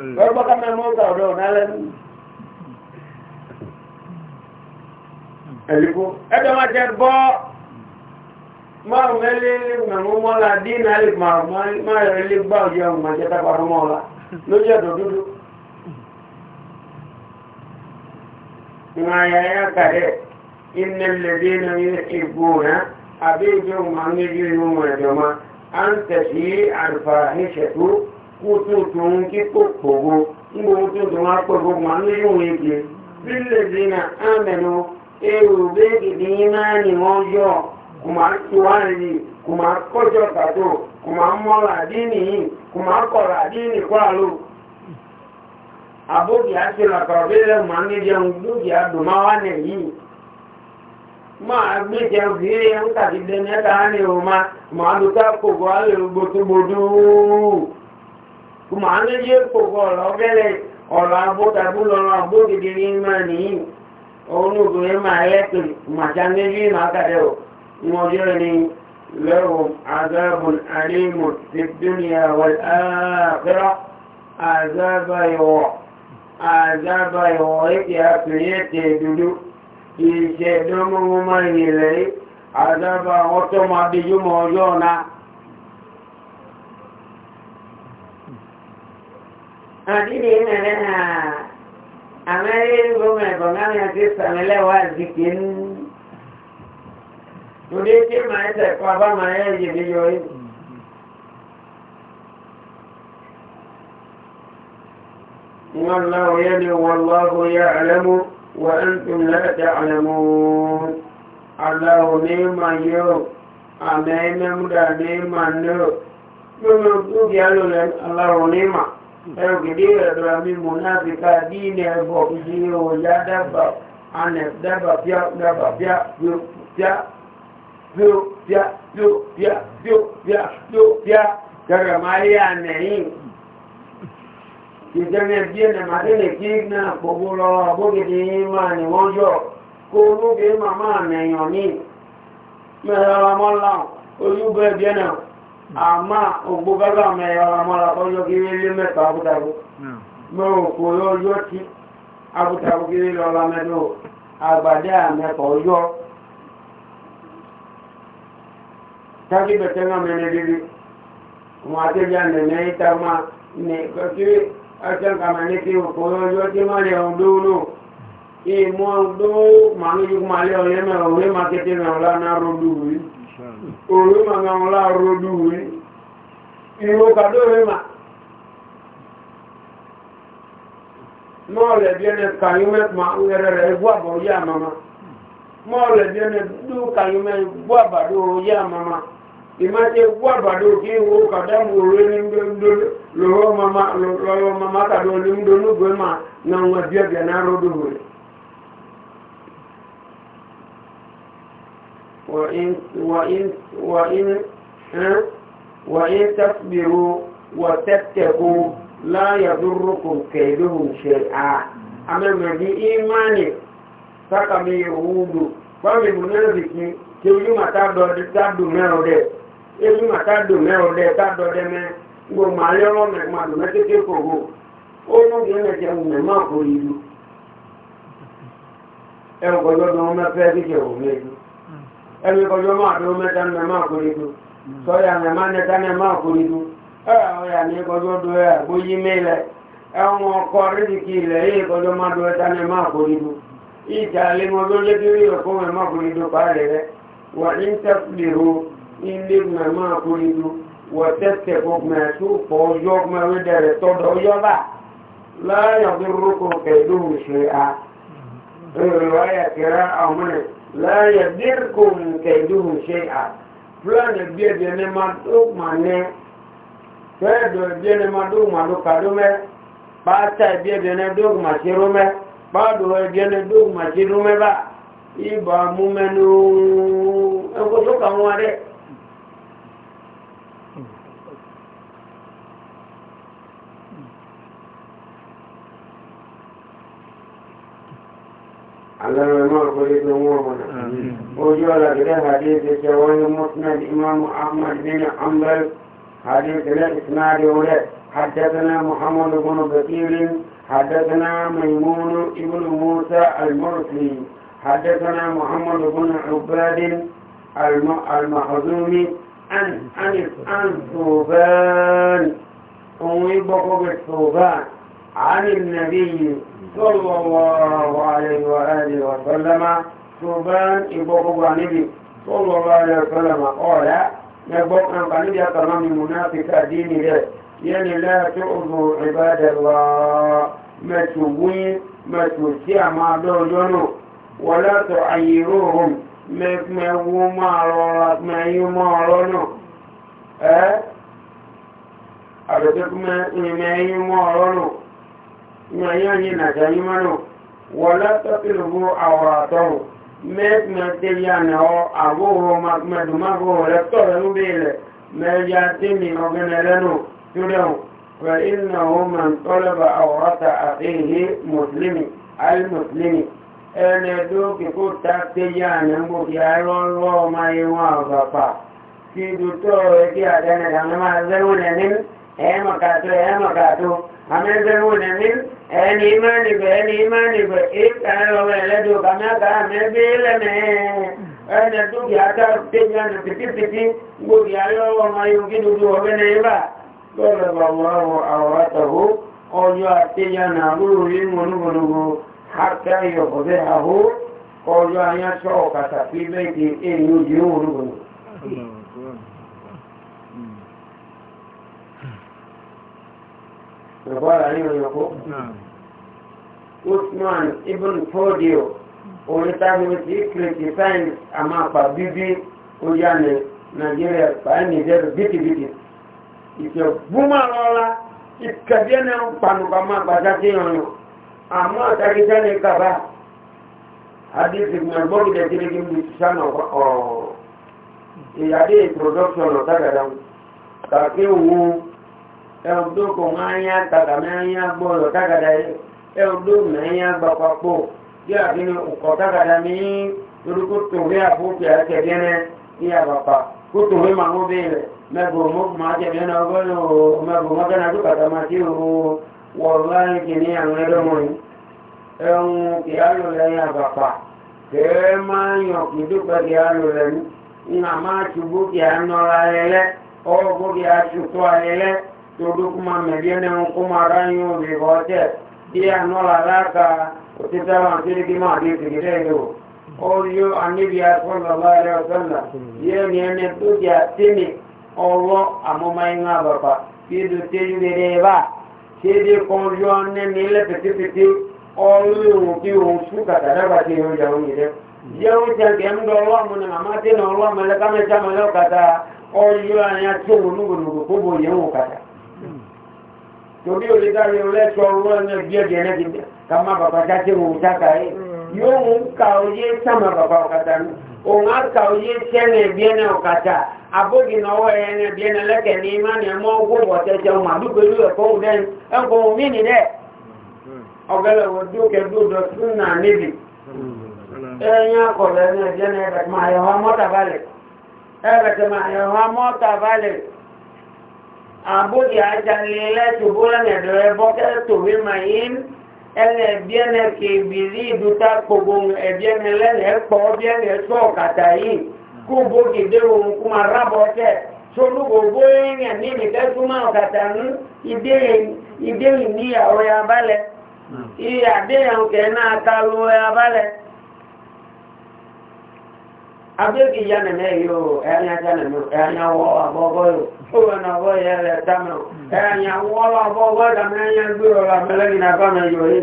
Lọ́rọ̀ bọ́ká máa mọ́ ọ̀gá ọ̀dọ̀ ọ̀nà lẹ́nu. Ẹ̀lẹ́kọ́. Ẹjọ́ máa jẹ bọ́ márùn-ún lé mẹ̀mú mọ́lá dín náà lè máa rẹ̀ lé gbá òjò ọ̀hún máa jẹ́ tápá fún mọ́lá lójú ẹ̀dọ̀ dúdú. Ìmọ̀ ayẹyẹ kàdé iná lẹ́dí kútùtù ń kíkó kògbó ńgbò kútùtù wọn kògbó wọn ní ìwé ìgbé lílè dínà ámẹnu èrò bẹ́ẹ̀kì ní máa ní wọ́n yọ kò máa tiwárì kọjọ pàtó kò máa mọ́ra dínì yìí kò máa kọ̀ra dínì kó àlò. àbókì àti làkàrọ̀ bẹ́ẹ̀rẹ̀ máa ní jẹun lókè àdùnmá wà nẹ̀ máa lè yé kòkó ọ̀rọ̀ gẹ́lẹ̀ ọ̀rọ̀ abótabú lọ́rọ̀ agbógede ní máa nìyí òun obìnrin máa lẹ́pẹ̀ màjá méjì máa kàdẹ̀ ọ̀ wọ́n jẹ́ ni e lẹ́wọ̀n azabun alimun ti dúnìyà wọ́n ààbẹ̀rọ azabayọ̀wọ̀ azabayọ̀wọ̀ èkè àpèyẹ́ tẹ̀ dúdú ìṣẹ̀dọ́mọ́mọ́ ìrìnlẹ̀ azaba ọtọ́ máa bí jùmọ̀ ọjọ́ náà àdídì mẹ́rẹ́ náà àmẹ́rẹ́ gómìnà kọ̀ọ̀kan yẹn ti sàmìlẹ̀ wá zìkì ń torí tí màá tẹ̀ kọ́ abá màá yẹ ìyèbí yọ ìbò. والله يدعو والله يعلم وأنتم لا تعلمون الله نعم يو أمين مدى نعم نو نو نو يالو الله نعم ẹgbẹ̀dẹ̀ ẹ̀rọ mímọ̀ láti ká dínà ẹ̀bọ̀ ìdíyẹ òyà dábà anẹ̀ dábà píà dábà píà píò píà píò píà píò píà píò píà píò píà kẹrẹ máa yé ànẹ̀ yìí ìjẹ́nà bí ẹ̀nà màdínà kí náà gbogbo lọ abógede yìí máa ní wọ́n yọ kó ológe màmá ànẹ̀yàn ní mẹ́rẹ̀ ọmọ láwọn olúbẹ̀ bí ẹ̀nà àmá ògbó bábà mẹ́ra àmọ́ra ọjọ́ kiri lé mẹ́ta abúdàgbò mẹ́rò hmm. kò lọ́jọ́ tí abúdàgbò kiri lọ́la mẹ́rò àgbàdé àmẹ́kọ̀ ọjọ́ tákì bẹ̀tẹ̀ náà mẹ́rin rírí wọn àtẹ́jà nẹ̀mẹ́ ìta máa ní kiri ẹ̀sẹ̀ǹkàmẹ́ ní kí òkò lọ́jọ́ tí má lè ọ̀hún dóòlò ìmọ̀ ọdún màánú yìí kó má lè ọ̀yẹ́mẹ̀ ọ̀wé má kété mẹ́rin lánàá rọ́ dùrù oroma na ọlá rodo uwe ìwò kàdó oroma mọ́ọ̀lẹ̀ bí ẹni kàyúmẹ́ ma ẹrẹ rẹ̀ gbọ́ àbọ̀ yá mama mọ́ọ̀lẹ̀ bí ẹni dú kàyúmẹ́ gbọ́ àbàdo yá mama ìmáṣe gbọ́ àbàdo kí ìwò kàdá mu òwe ní ndóndó lọ́wọ́ mama kàdó ní ndóndó gbé ma na wọn bí ẹbí ẹ̀ náà rodo uwe. وإن, وإن, وإن, وإن تصبروا وتتقوا لا يضركم كيدهم شيئا أما ما بإيمانك sákàmì ìhùwùdù báwọn ìmúnẹ́rì kí tí ojú màtá dọ̀dẹ̀ tádù mẹ́rọ̀ dẹ̀ ojú màtá dù mẹ́rọ̀ dẹ̀ tádù dẹ̀ mẹ́ gbò máa lé ọ̀rọ̀ mẹ́ máa dùn mẹ́tẹ́tẹ́ jẹ́ ẹni kọjọ́ máa tó mẹ́ta ní ẹmá àkórídú sọ́yà ní ẹmá nẹta ní ẹmá àkórídú ẹ̀rọ ọ̀yà ní kọjọ́ tó ẹ̀ àgbóyí mẹ́lẹ̀ ẹ̀wọ̀n ọkọ̀ rídìkì ilẹ̀ yìí kọjọ́ máa tó ẹta ní ẹmá àkórídú ìjà lé wọn tó lé kiri ẹ̀kọ́ ẹmá àkórídú pàálẹ̀ rẹ̀ wà ní tẹ́fìlìrò ilé ẹmá àkórídú wà tẹ́tẹ̀ fọkùnrin tó pọ̀ ọjọ́ láyé dírkù kẹdùn ṣe à fúlàní bí ẹbí ẹni máa tó máa ní fẹ́ẹ̀dọ̀ ẹbí ẹni máa tó máa tó kàdó mẹ́ pátá ẹbí ẹbí ẹni tó máa ṣe rú mẹ́ pàdó ẹbí ẹni tó máa ṣe rú mẹ́ bá ibà mú mẹ́nu ẹkọ́ tó kà wọ́n dẹ́. علم نور بريد نورنا وجعل إلى حديث الجواه مسند إمام أحمد بن حنبل حديث لا إسناد ولا حدثنا محمد بن بكير حدثنا ميمون بن موسى المرسلي حدثنا محمد بن عباد المحزومي عن عن عن ثوبان أمي بقوا بالثوبان na-enye zama, Ọ bụ aịe ọrụ ọrụ, ra oyeledle mdo ọrụ ị ụ a he warụlụ nyanyani na jaimano wala taqilbu awratahu mek mete yana o agogo makmedu mago rektore ubele meja timi ogenelenu tudeu fa innahu man talaba awrata akhihi muslimi al muslimi ene do ki ko takte yana mo ya ro ro ma yewa baba ki du to e ki adana dana ma zewone nin e makato e amẹ́gbẹ̀wọ̀n ẹ̀mí ẹni ìmánìbẹ̀ ẹni ìmánìbẹ̀ ìkàrẹ̀ ọmọ ẹlẹ́dùn kàmẹ́kà mẹ́bí lẹ́mẹ́ ẹni dúkìá tẹ́gbẹ̀rẹ̀ pìtìpìtì gbòdì alẹ́wọ̀ ọmọ yóò dúdú ọgbẹ́ ní ibà lọ́rọ̀ bàwọ̀ àwọ̀tọ̀hó ọjọ́ àtẹ́yànà àbúrò rí mọ̀nùmọ̀nùmọ̀ hákẹ́yọ̀ ọ̀bẹ́ àhó ọjọ́ ayáṣọ́ ọ̀kàtà fílẹ̀ lọ́gbọ́ra ní òyìnbó usman ibn fodio onítàbí tí kìrìtì sáyẹ̀nsì àmàpà bíbí oyá ní nàìjíríà pàẹ́ nìjẹ́rù bìtìbìtì ìṣẹ̀gbúmà lọ́la ìkẹ̀bíẹ́ náà pànùpà máa pàtàkì ìrànyàn àmọ́ àtàkìtẹ́ ní kàbá àdìsí gbọ́gìdẹ̀ kiri kí n bí sánà ọ̀ọ́ ìyàdí production ọ̀tàgàdà kàkí òun ẹ̀ọ́dọ́kọ̀ máa ń yá tàkà máa ń yá gbọ́ọ̀lọ̀ tágàdá ẹ̀ọ́dọ́ máa ń yá gbapapọ̀ bí àfihàn ọkọ̀ tágàdá ní orúkọ tòwé àbúkì àtẹ̀gẹ́rẹ́ ní àbàpà kó tòwé máa ń bèèrè mẹ́bùrù mọ́kù máa tẹ̀gẹ́ náà gbọ́dọ̀ mẹ́bùrù mọ́kànlá tó kàtà máa ti rò wọ̀rọ̀ láyé kìíní àwọn ẹlọ́mọ̀rin ẹ̀hún kì á lò lẹ́yìn àbàpà kẹ́ẹ́ máa ń yàn kì í dúpẹ́ kì todo kuma mediana un kuma raño de gote dia no la raka utita wa tiri kima adi tigire do oyo anibia sallallahu alaihi wasallam ye niene tuja tini owo amomai nga baba kidu teju dereva kidi konjo ne nile piti piti oyo ki usuka taraba ti yo jaungire yo jangem do lo mun amate no lo mele kame chama lo kata oyo anya tu nugu nugu kubo yo kata torí o lè dáre ọlẹ́tọ̀ ọ̀rọ̀ ẹ̀nà bí ẹ̀jẹ̀ náà ti bẹ̀ ká má bàbá jáde òun jáka yìí hmm. yóò mú ka oyé sàmà bàbá ọ̀kadà nù òun á ka oyé sẹ́nà ẹ̀bí ẹ̀nà ọ̀kadà abógi náwó ẹ̀nà ẹ̀bí ẹ̀nà lẹ́kẹ̀ ní má ní ẹ̀mọ́ owó bọ̀tẹ́tẹ́ ọmọ àdúgbò ìlú ẹ̀kọ́ òun dẹ́nu ẹ̀kọ́ òun mí ni dẹ́ hmm. ọ̀gẹ́lẹ̀ wọ́n dúkẹ́ dúdọ̀ sún náà níbi hmm. ẹ̀yìn abuja ajanlele tubulane doye bokele tubi mayin ele biene ke bili duta kogun ebiene lene ekpo biene so kata yi kubo gide ohun kuma rabo te solu gbogbo èèyàn níbi tẹ́túmọ̀ ọ̀kàtà ń ìdéyìn ní ìyàwó hmm. ya balẹ̀ ìyàdéyàn kẹ́ náà kalu ya balẹ̀ abẹ́kì ya nẹ̀mẹ́ yóò ẹ̀yà já nẹ̀mẹ́ ẹ̀yà wọ́ àbọ́gọ́ yóò owó ẹ̀nà ọgọ́ yẹ lẹ̀ dámẹ́ ẹ̀yà wọ́ àbọ́gọ́ dàmẹ́ ẹ̀yà gbúrò rà mẹ́lẹ́gìn àbámẹ́ yóò yìí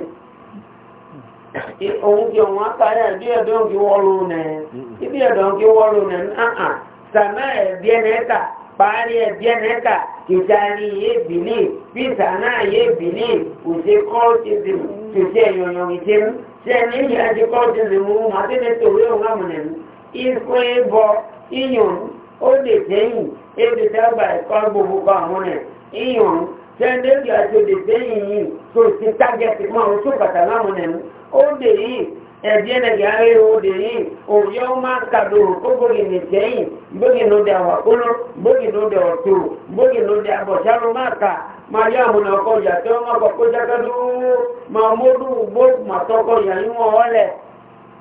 ohun kí òun akáyà bí ẹ̀dọ́ kí wọ́lú nẹ̀ ibi ẹ̀dọ́ kí wọ́lú nẹ̀ náà sàmẹ́ ẹ̀bíẹ́ nẹ́ta parí ẹ̀bíẹ́ nẹ́ta ìdarí yé bìlì píta náà yé bìlì òṣè kọ́ọ̀tìsì tòṣì ẹ̀yọ̀yọ̀ ìṣẹ́mú ṣẹ́ni ìyá ti kọ́ọ̀tìsì mú màtí ní tòwé òun àmùnẹ̀mú ikú ẹbọ iyùn ó lè tẹ́yìn ebi sábà ẹ̀kọ́ gbogbo pa àwọn ẹ̀ iyùn tẹ́ndéjì àti òdè tẹ́yìn yìí tó ti tágẹ́tì mọ́ àwọn tó kàtà láwọn ẹ̀ ó lè yìí ẹ̀dí ẹ̀nẹ̀gẹ̀ ayé òde yìí òye ọmọ akadò ògbógi nìkẹ́yìn gbógi lóde àwàkóló gbógi lóde ọ̀tò gbógi lóde àbọ̀sáró máa kà máa yá àwọn ọkọ̀ ìyàtọ̀ ọmọ ọkọ̀ kó jákàdúró máa módú gbó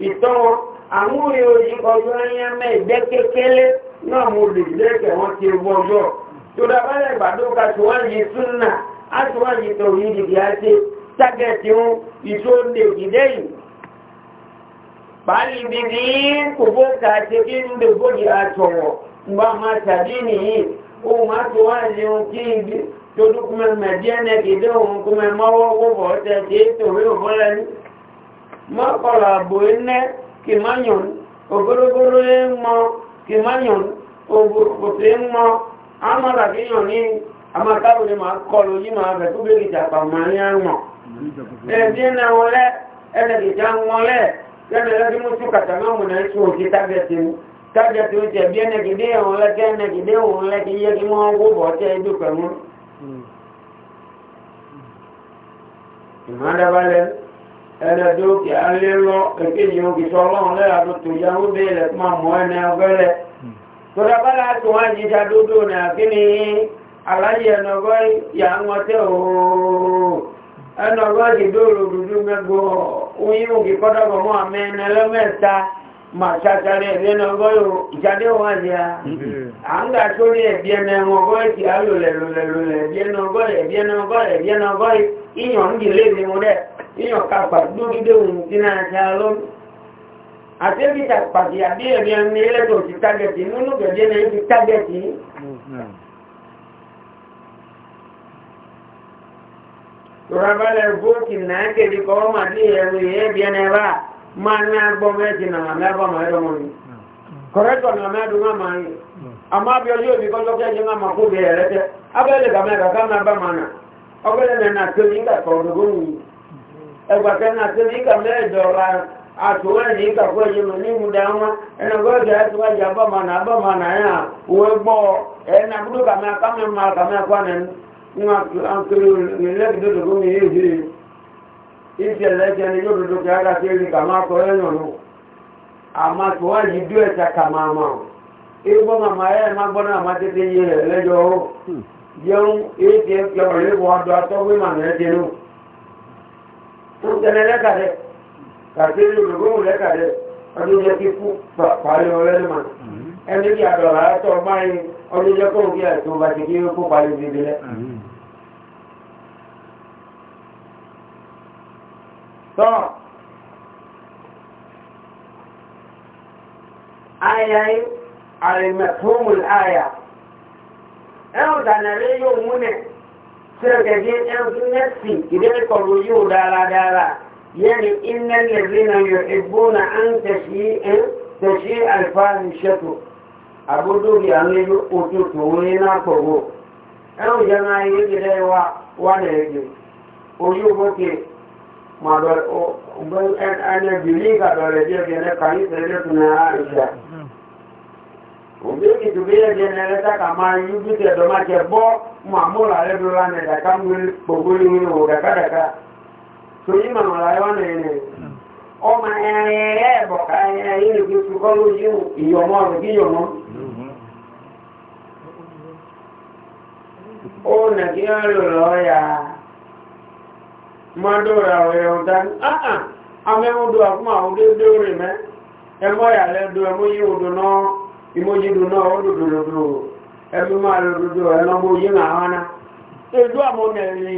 ìtàn àwọn òye ọjọ́ ẹyẹ mẹ́ẹ̀gbẹ́ kékeré náà mo lè lẹ́kẹ̀ wọ́n ti wọ ọjọ́ tó dábàlẹ̀ ìbàdókà tí wọ́n yìí súnà á ti wọ́n á ṣe tágẹ̀tì ìṣó lè dìde yìí báyìí bìbí kò bó ka ṣe kí ń lè àtọ̀wọ̀ máa tàbí ti ohun mọ́kọ̀lọ̀ àbò iná kì má yàn ògórógóró lé ń mọ kì má yàn òkòtò ń mọ àmọ́ra kì yàn ní àmọ́káwò ni màá kọlu yí màá bẹ̀ tó bẹ́ẹ̀ kìjà pa màá ní àmọ́ ẹ̀ẹ́dín náà wọlé ẹ̀ẹ́dẹ̀kìjà ń wọlé lẹ́nu lẹ́nu mú sí kàtàmọ́ ọ̀nà ẹ̀ṣin òkè tágẹ̀tì mu tágẹ̀tì ó jẹ̀bi ẹnẹ̀gìdé òun lẹ́kẹ́ ẹnẹ̀gìdé òun lẹ́kẹ́ yẹ kí wọ́n wó bọ̀ ọ́tẹ́ ẹjọ́ pẹ̀lú. Hmm. ìmọ̀ adábalẹ̀ ẹnẹ tó kì á lé lọ èkéyìí òkè tó ọlọ́run lẹ́yà tó tó yáwó bẹ́ẹ̀lẹ̀ tó máa mọ́ ẹni abẹ́rẹ́ tọ́jà bá láti tó wá jíjà dúdú ní àkíní aláyé ẹnọgọ́ yà ń wọtẹ́ ooo ẹnọgọ́ ti dóòlù dúdú mẹ́gbọ́ oyin òkè kọ́dọ̀gbọ̀ mọ́ àmì ẹni ẹlẹ́mẹ́ta mà ṣàṣàrẹ̀ ẹ̀bí ẹnọgọ́ yóò ìjáde wà yà à ń gà sórí ìyàn kàpà lórí déhùn tí náà ṣe alọ́nù àti ẹbí pàtì àbí ẹ̀rí ẹni ẹlẹ́dọ̀ ti tágẹ̀tì nínú gẹ̀dẹ́ náà ti tágẹ̀tì rọ́bálẹ̀ bóòkì náà kéde kọ́ máa ní ẹ̀rù ẹ̀bí ẹni ẹ̀rá máa ní agbọ́mẹ́tì náà mẹ́bọ̀ máa dọ́mọ ni kọ́rẹ́tọ̀ náà mẹ́dùn máa máa ń àmọ́ abẹ́ ọjọ́ òbí kọ́jọ́ kẹ́jọ́ máa máa kó bẹ̀rẹ̀ rẹ́tẹ́ abẹ́lẹ̀ gàmẹ́gà ká máa bá máa nà ọgbẹ́lẹ̀ náà kéwì ń gà kọ̀ọ̀dọ̀gbọ́n ẹgbàtẹ́ náà tó ní kàmẹ́ ìdọ̀ra àtúwẹ́ ní kàkọ́ ìyẹmọ̀ ní ìmúdáwọ́ ẹnàgọ́gẹ́ àtúwájá bọ́mọ̀nà bọ́mọ̀nà yà wọ́ gbọ́ ẹ̀nà kúrò kàmẹ́ akámẹ́ máa kàmẹ́ akọ́nà ńwá kiri ìlẹ́gbẹ̀dọ́dọ̀kọ́ mi yé yìí ìṣẹ̀lẹ̀ ẹ̀jẹ̀ ni yóò dodo kí ara kiri kàmá kọ́ ẹ̀yàn nù àmà tùwájì dú ẹ̀ta kàmá mọ́ ìgbọ́ màmá ẹ̀ má gbọ́dọ̀ àmà tètè yé rẹ̀ lẹ́jọ́ tẹ́lẹ̀ lẹ́kà rẹ̀ kàtí olùgbòhùn lẹ́kà rẹ̀ ọdún jẹ́ kí fún parí ọlẹ́lẹ́ mà ẹni kí àdọ̀là tọ́ báyìí ọdún jẹ́ kóhùn kí àìsàn bá ti kí ó kó parí bíbí lẹ́. tọ́ aya yìí àrèmẹ̀fóhùn yóò múnẹ̀ sẹ́ẹ̀kẹ̀kẹ́ ẹ̀sùn nẹ́sì ìdẹ́kọ̀rọ̀ yóò dáradára yẹ́nì iná lẹ́rìnà yóò ẹgbóná án tẹ̀sí àlùfáàrin ṣẹ́tù àbúdókì àlejò òtútù orí náà pọ̀gbọ́ ẹ̀rù jẹ́nà ayé gẹ́gẹ́ wa wà lẹ́yìn ojú bókè màdọ̀ ẹ̀ẹ́dẹ̀bìlì kàdọ̀rẹ̀ jẹ́ gẹ́gẹ́ kàyí tẹ̀lé òbí ìdùbí ẹ̀jẹ̀ nẹ́lẹ́ta kà máa yú bí tẹ̀dọ̀ máa jẹ bọ́ mọ́ àmúlà lẹ́dọ̀lá nẹ̀dàká gbogbo ìwé wò dàkádàká tó yí màmá láyé wọn nìyẹn ọmọ ẹ̀rẹ̀ ẹ̀bọ̀ ká ẹ̀yẹ ìlú kíkọ́ ló yí ìyọ̀mọ́ rẹ̀ kí yọ̀mọ́. ó nà kí wọ́n lò lọ́ ya mọ́dọ̀rọ̀ ọ̀rẹ́ ọ̀dá áhà amẹ́wọ́dọ̀ àkúmọ̀ àwọn dédé rè mẹ́ ẹ̀mọ́ yà lẹ́dọ̀ ẹ̀mọ́ yí odò náà ìmójìdù náà ó dùdù lòdù ẹbí máa lòdù ẹ̀nà mú yí nà hánà èdú àmọ́nà rí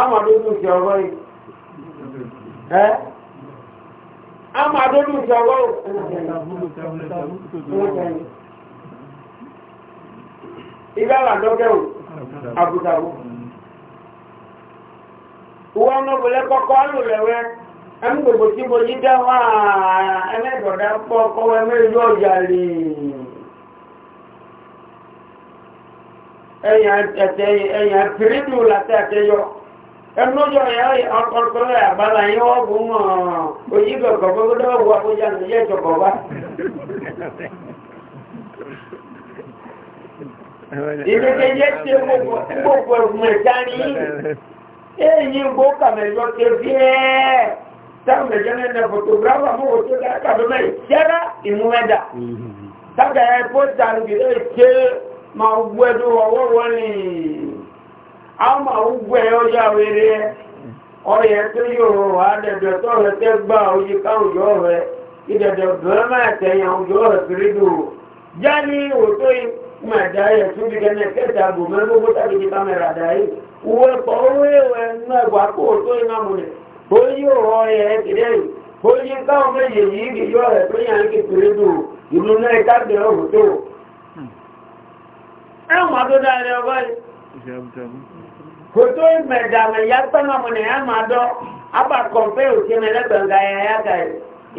àmàdódù sí ọgọ́ yìí ẹ́ àmàdódù sí ọgọ́ yìí ìgbàlà dọ́gẹ́wò àbùtàbù wọn náà bọ̀lẹ́ kọ́kọ́ lò lẹ́wẹ́ ẹmú gbogbo tí mo yí dá wá ẹlẹ́dọ̀dá pọ̀ kọ́wọ́ ẹmẹ́jọ́ ọjà lè ẹ̀yà pìrìtù láti àtẹyọ ẹmújọ ẹ̀yà ọkọ̀ọ̀kọ̀rọ̀ àbálà yín wọ́n bú mọ̀ òyí gbọ̀gbọ̀ gbọ́gbọ́dọ̀ wọ àkójá nìyẹ́ ìjọkọ̀ wá ìgbẹ́gbẹ́ tí gbogbo ẹ̀gbọ̀n ìjáni èyí gbó kàmẹ̀lọ́ tẹ́ bí ẹ́ẹ̀ táwọn ẹ̀jẹ̀ náà nẹ fotografà mú òtó dáka ló mẹ́rin jẹ́rá ìmúwẹ́dà tága ẹ̀ pósítà lùgìdẹ́ ṣe máa gbọ́ ẹ̀ tó wọ́wọ́ ni àwọn máa gbọ́ ẹ̀ ọjà wẹ̀rẹ̀ ọyẹ tó yòrò wà dẹ̀dẹ̀ tó rẹ̀ tẹ́ gbà òye káwùjọ rẹ̀ ìdẹ̀dẹ̀ bẹ́ẹ̀ máa tẹ̀yàn òjò rẹ̀ kìrìdò jáde òtó yìí madaye tuli gane keta bu mebo bota bi kamera dai uwe ko uwe we na gwa ko to ó yí ọ̀rọ̀ ẹ̀ kìdẹ́rì ó yí káwọn méje yìí kì yọ rẹ̀ tó yàn kì pèrè dù ìlú náà ìtàgbé ọ̀hún tó ẹ̀wọ̀n tó dáa ní ọgọ́ yìí kò tó mẹ̀dàmẹ̀ yá tọ́nà mọ̀ ní ẹ̀mà dọ́ abà kọ̀m̀pẹ́ òkè mẹ́lẹ́gbẹ̀ngà ẹ̀yà kàì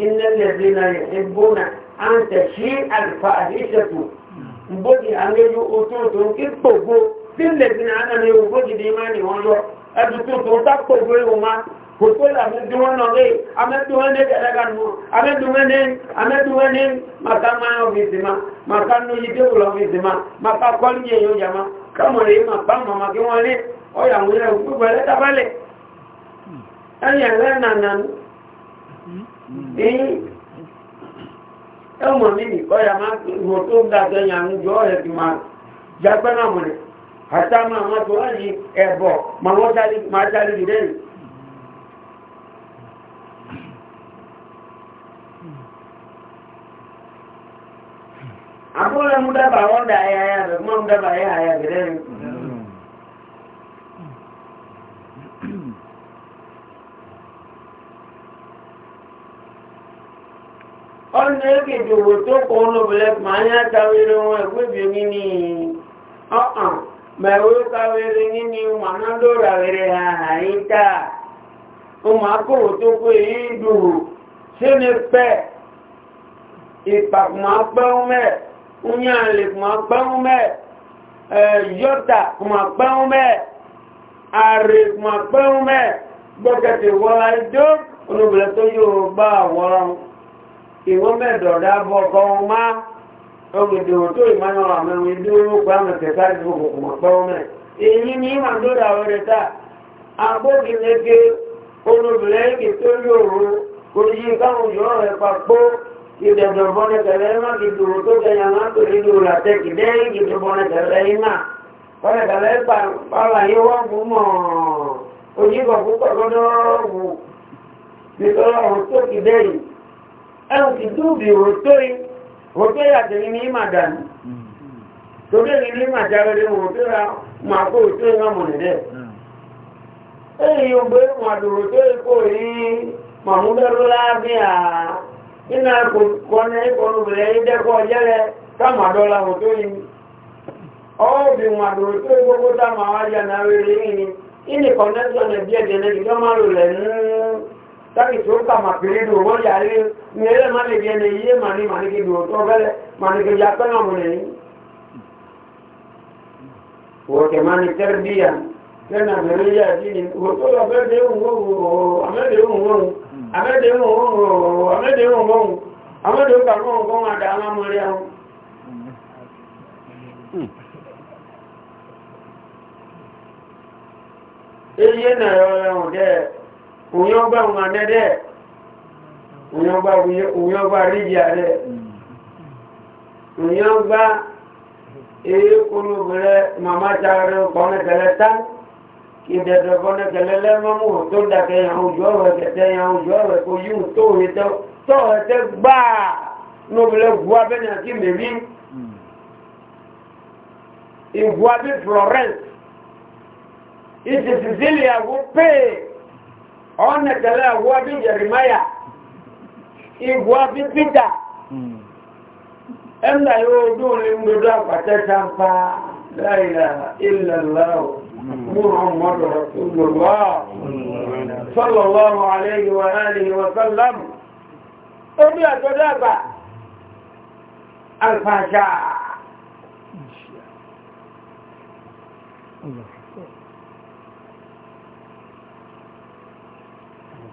ilẹ̀ lẹ́bìnà ìbúnà àǹtẹ̀ sí àlùfà àdíṣẹ́kù mbógi àlejò òtútù kí pògbó bí lẹ́bìnà àdánilẹ́wò hotel ameduwane ore ameduwane jaraganu ameduwane ameduwane makama ofisima makanu yidewula ofisima makakọlu yeyo jama kamọre ma bama maki wọle ọya wọle gbogbo ẹlẹ tabalẹ ẹyẹ ẹlẹ nananu ẹyìn ẹmọ mímì ọya ma hoto dàgbẹ yanu jọ ọyẹ ti ma jagbẹ náà mọlẹ àtàwọn àwọn tó wà ní ẹbọ màwọn sáré màá sáré dìde yìí. akọ́lẹ̀ mú dábàá wọ́n dá ẹyà ayá rẹ̀ mọ́ mú dábàá ẹyà ayá gẹ̀rẹ́ rẹ̀ ọ̀nà èkèjì òwò tó kọ́ olóbìnrin máa ní àtàwéré wọn ẹ̀kúbì nínú ọ̀hàn mẹ̀wé káwéré nínú mànádọ́rà rẹ̀ àìta o máa kòrò tó kó èyí dùn sí ní pẹ́ ìpàkùnmá pẹ́ unyale kuma kpɛŋu mɛ yɔta kuma kpɛŋu mɛ are kuma kpɛŋu mɛ gbɛkɛte wɔla do onubile tó yóò bá wɔlɔ ìwọ mɛ dɔda bɔ kɔŋu ma ɔgbɛdɛ o tó ìmá yɔ amɛ ŋu do gba mɛ kɛkɛ ari do kuma kpɛŋu mɛ ni ìmá do da o de ta agbó kìlẹ̀ ké onubile yìí tó yóò ro kò yí káwọn yọ̀ ìdẹ̀dọ̀bọ́nẹ̀ kẹlẹ́mà ìdòrò tó kẹyà máa tó nínú ìràtẹ́ kìdẹ́ ìdẹ̀dọ̀bọ́nẹ̀ kẹlẹ́mà Kalau kẹlẹ́ pàlà yóò wọ́n mú mọ̀ onígbọ̀ púpọ̀ gọ́dọ̀ọ̀wù nítorí ọ̀hún tó kìdẹ́ yìí ẹ̀hùn kì dúbì òtóyì òtóyì àtẹ̀yí ní ìmàdàní tókè ní ní ìmàdàrẹ́rẹ́ òtóyà máa kó òtóyì náà mọ̀ nílẹ̀ èyí ògbé màdùrò tó ikú yìí màmúdẹ́rú láàbí àá iná kọ́nà ìkọlùbìlẹ̀ ìdẹ́kọ́ jẹ́lẹ̀ támàdọ́lá wọn tó yìí ọ́ọ̀bì wọn àdúró tó gbogbo támà wá jà náà rere yìí ní kọ́nẹ́tọ̀nà bí ẹ̀jẹ̀ náà ìjọ máa rò lẹ̀ ní tábì tó kàmà pèrè dùn wọ́n yà rí ní ẹlẹ́ má lè jẹ́ ní iye màní màníkì dùn tó fẹ́lẹ́ màníkì ya pẹ́ náà mọ̀ nìyí. wọ́kẹ̀ má ní tẹ́rẹ́bíyà lẹ́nà àgbẹ̀rẹ̀ yà amẹ́dẹ̀ẹ́rùn ọ̀rọ̀ amẹ́dẹ̀ẹ́rùn ọ̀rọ̀ amẹ́dẹ̀ẹ́rùn ọ̀rọ̀ ọ̀rọ̀ àdá alámọ́rí ahùn èyí ẹ̀nà ẹ̀rọ dẹ̀ òyìnbá ọmọ anẹ́dẹ̀ òyìnbá ríjì àrẹ òyìnbá èyí kúrò bẹ̀rẹ̀ màmá sáré ọkọ̀ mẹ́tẹ̀lẹ́ta ìdẹ̀dẹ̀ kọ́nẹ́ kẹlẹ́lẹ́ mọ́mú tó dàkẹ́ yàn ojú ọ̀rẹ́ kẹtẹ́ yàn ojú ọ̀rẹ́ kò yíò tó ètẹ́ tó ẹ̀tẹ́ gbáà nóbilẹ̀ gùn abẹ́nà kí mèrí ìgùn abẹ́ florence ìsì sicilia wó pé ọ̀nà kẹlẹ́ àwọ́ abẹ́ jeremiah ìgùn abẹ́ peter ẹ̀ńdà yóò dún ní gbogbo àpàtẹ́ sáńpá láìlà ìlàláwọ̀ محمد رسول الله صلى الله عليه وآله وسلم أبي أتدابع الفحشاء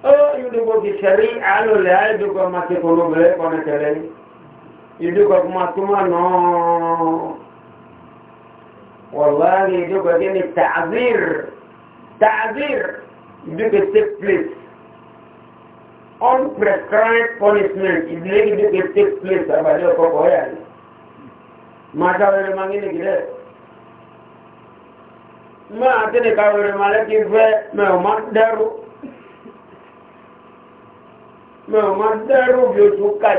Oh, you do go to Sharia, I don't lie, you do go to Matikolo, you do go to wallahi juga gini ta'zir ta'zir juga take place unprescribed punishment ini juga take place apa dia kok ya masa memang ini gila ma atene ka wore mala ki fe me o ma daru me o ma daru bi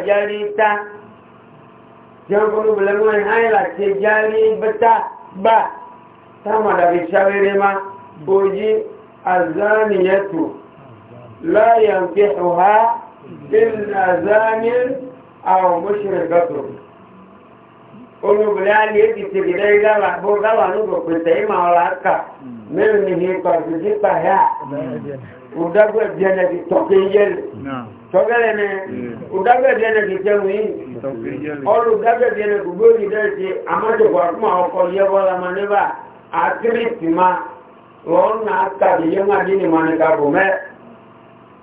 jari ta jango lu bele mo hai la ke jari beta gbà táwọn àdàbí ṣàrẹ́rẹ́ má bójí azániyẹ́tù láyàn kí ọha ilẹ̀ azáni àwọn mọ́ṣẹ́rẹ̀ gọ́tọ̀ olùgbìnrin alẹ́ èkì ti gẹ̀dẹ́ gáwà nígbò pẹ̀tẹ̀ ìmọ̀ ọ̀rọ̀ aka mẹ́rin ni ìpàdé sípàá tọ́gẹ́lẹ̀ hmm. ni ọ̀dágbẹ̀bẹ̀ ẹni kìí jẹun yìí ọlù dágbẹ̀bẹ̀ ẹni kò gbóòrì dẹ́ẹ̀tì àmọ́jọ̀gbọ̀ àkúmọ̀ ọkọ̀ yẹ́bọ́lá ma níbà àtírìtì ma wọ́n na tàbí yẹ́mà nínú ma ní kàbò mẹ́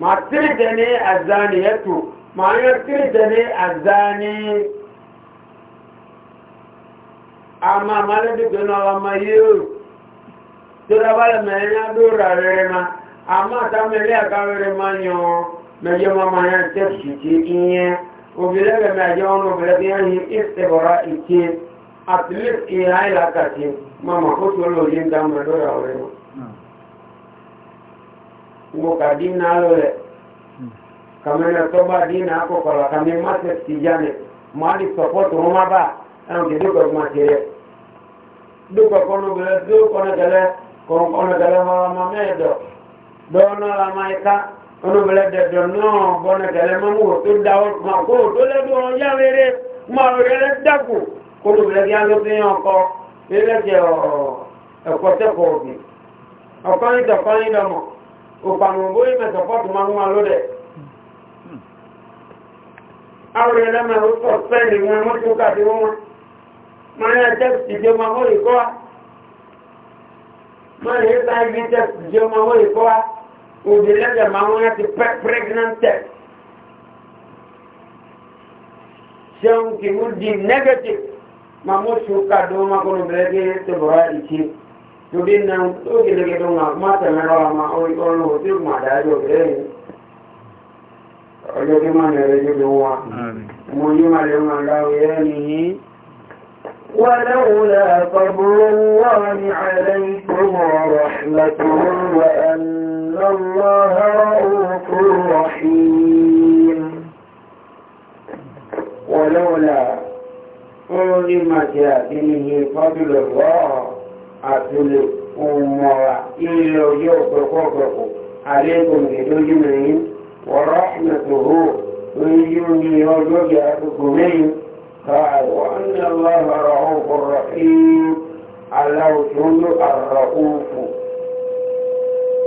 ma tírìtì ní àzáni ẹ̀tù ma yọ tírìtì ní àzáni àmà malẹ́dìgbẹ́ náà wà ma yíò tó dábàlẹ̀ mẹ́rin adó rà rẹ̀ ma àmà àtàmẹ́lẹ́ àkàwẹ̀rẹ̀ ma yàn mẹjọ mọmọ náà tẹ́sì ti ìyẹn obìnrin bẹ̀rẹ̀ mẹjọ ọ̀nà obìnrin bí wọ́n ní ìsẹ̀bọ̀rọ̀ ìtì àtìlẹ́ ìhà ìlàkàtì mọmọ kó tó lò ní dámọ̀ lọ́rọ̀ ọ̀rẹ́ wọn. mo kà dín náà lọ́lẹ̀ kàmínà tó bá dín náà kọ̀kọ̀lọ̀ kàmín má tẹ̀sì jáde má di sọ̀pọ̀tù wọn má bà ẹ̀hún kì í dúkọ̀ ọ̀gbọ̀n ti rẹ̀ dúkọ̀ kọ́nù bẹ̀rẹ̀ dúkọ̀ ọ̀nà onúbẹ̀lẹ̀ dẹ̀dọ̀ náà bọ́nẹ̀tẹ̀lẹ̀ mọ́mú tó dáwọ́ kó tó lẹ́dọ̀ ọ̀yá rere máa rẹ̀ rẹ̀ dàkù kó lóbẹ̀lẹ̀ kí á ló fi hàn ọkọ̀ lẹ́lẹ́kẹ̀ ẹ̀kọ́ tẹ́kọ̀ọ́ ọ̀gbìn ọ̀kan ní tọ̀kan ní lọ́mọ̀ òpàmọ̀ bóyí mẹ́tọ̀pọ̀tù máa ń wá lódẹ̀ àwọn ẹlẹ́mẹ̀ ó sọ sẹ́ẹ̀lì wọn mọ́ tó kàdé wọn máa ń ẹjẹ́ ìjẹ́ máa mọ́ ìkọ́ wa máa udeleza maana ti pregnant test sio kimudi negative mamo shuka do ma kono brege te bora ichi tudin na to gelege do ma ma ta na ra ma o ko no ti ma da do re oyo ke ma ne re do wa mo ni ma le ma la ye ni ولولا فضل الله عليكم ورحمته وأن إن الله رؤوف رحيم ولولا أعلمت به فضل الله أتل أمرا إلا يوفقكم عليكم بتجمعين ورحمته ويجوني وجوجاتكمين قال وأن الله رؤوف رحيم الله الرؤوف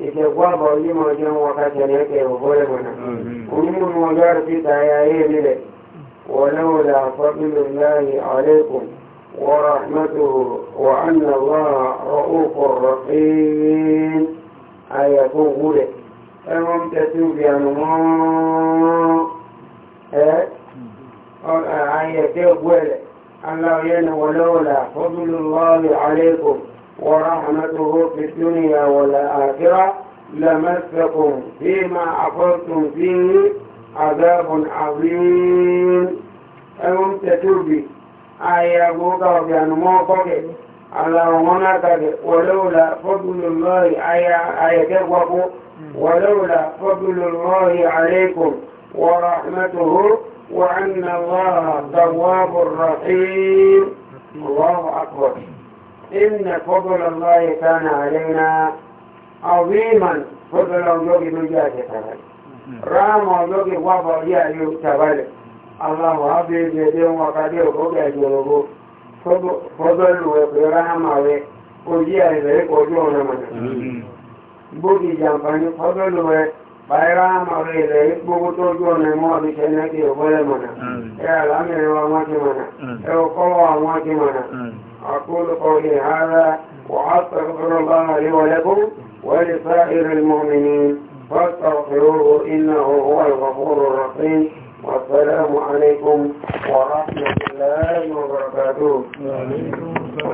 ike kwamba ulima ujomu wakati aliweke ubole bwana mm-hmm. ulimu mwagari pita yaye lile walaula fadlullahi alaikum ورحمته وأن الله رؤوف رحيم أيكون غولة أمام تتوب يا نمو أيكون غولة الله ينه ولولا فضل الله عليكم ورحمته في الدنيا والآخرة لمسكم فيما أفضتم فيه عذاب عظيم أم تتوبي أي أبوك بأن موقعك على هناك ولولا فضل الله آية آية ولولا فضل الله عليكم ورحمته وأن الله تواب رحيم الله أكبر إن فضل الله كان علينا عظيما فضل الله مجاز تبالي رام الله وضع يأيو تبالي الله عبد يدين وقدير قد يجنبه فضل وقرام عليه ojú àìrẹ̀ ojú ọ̀nà mọ̀nà gbógi jàǹfàní fọ́dọ̀lù rẹ̀ báyìrá àmàrà ilẹ̀ gbogbo tó ojú ọ̀nà mọ́ àbíṣẹ́ náà kí ọ̀gbọ́lẹ̀ mọ̀nà ẹ àlámẹ̀rẹ̀ wa wọ́n ti mọ̀nà ẹ ọkọ́ wa wọ́n ti mọ̀nà أقول قولي هذا وأستغفر الله لي ولكم ولسائر المؤمنين فاستغفروه إنه هو الغفور الرحيم والسلام عليكم ورحمة الله وبركاته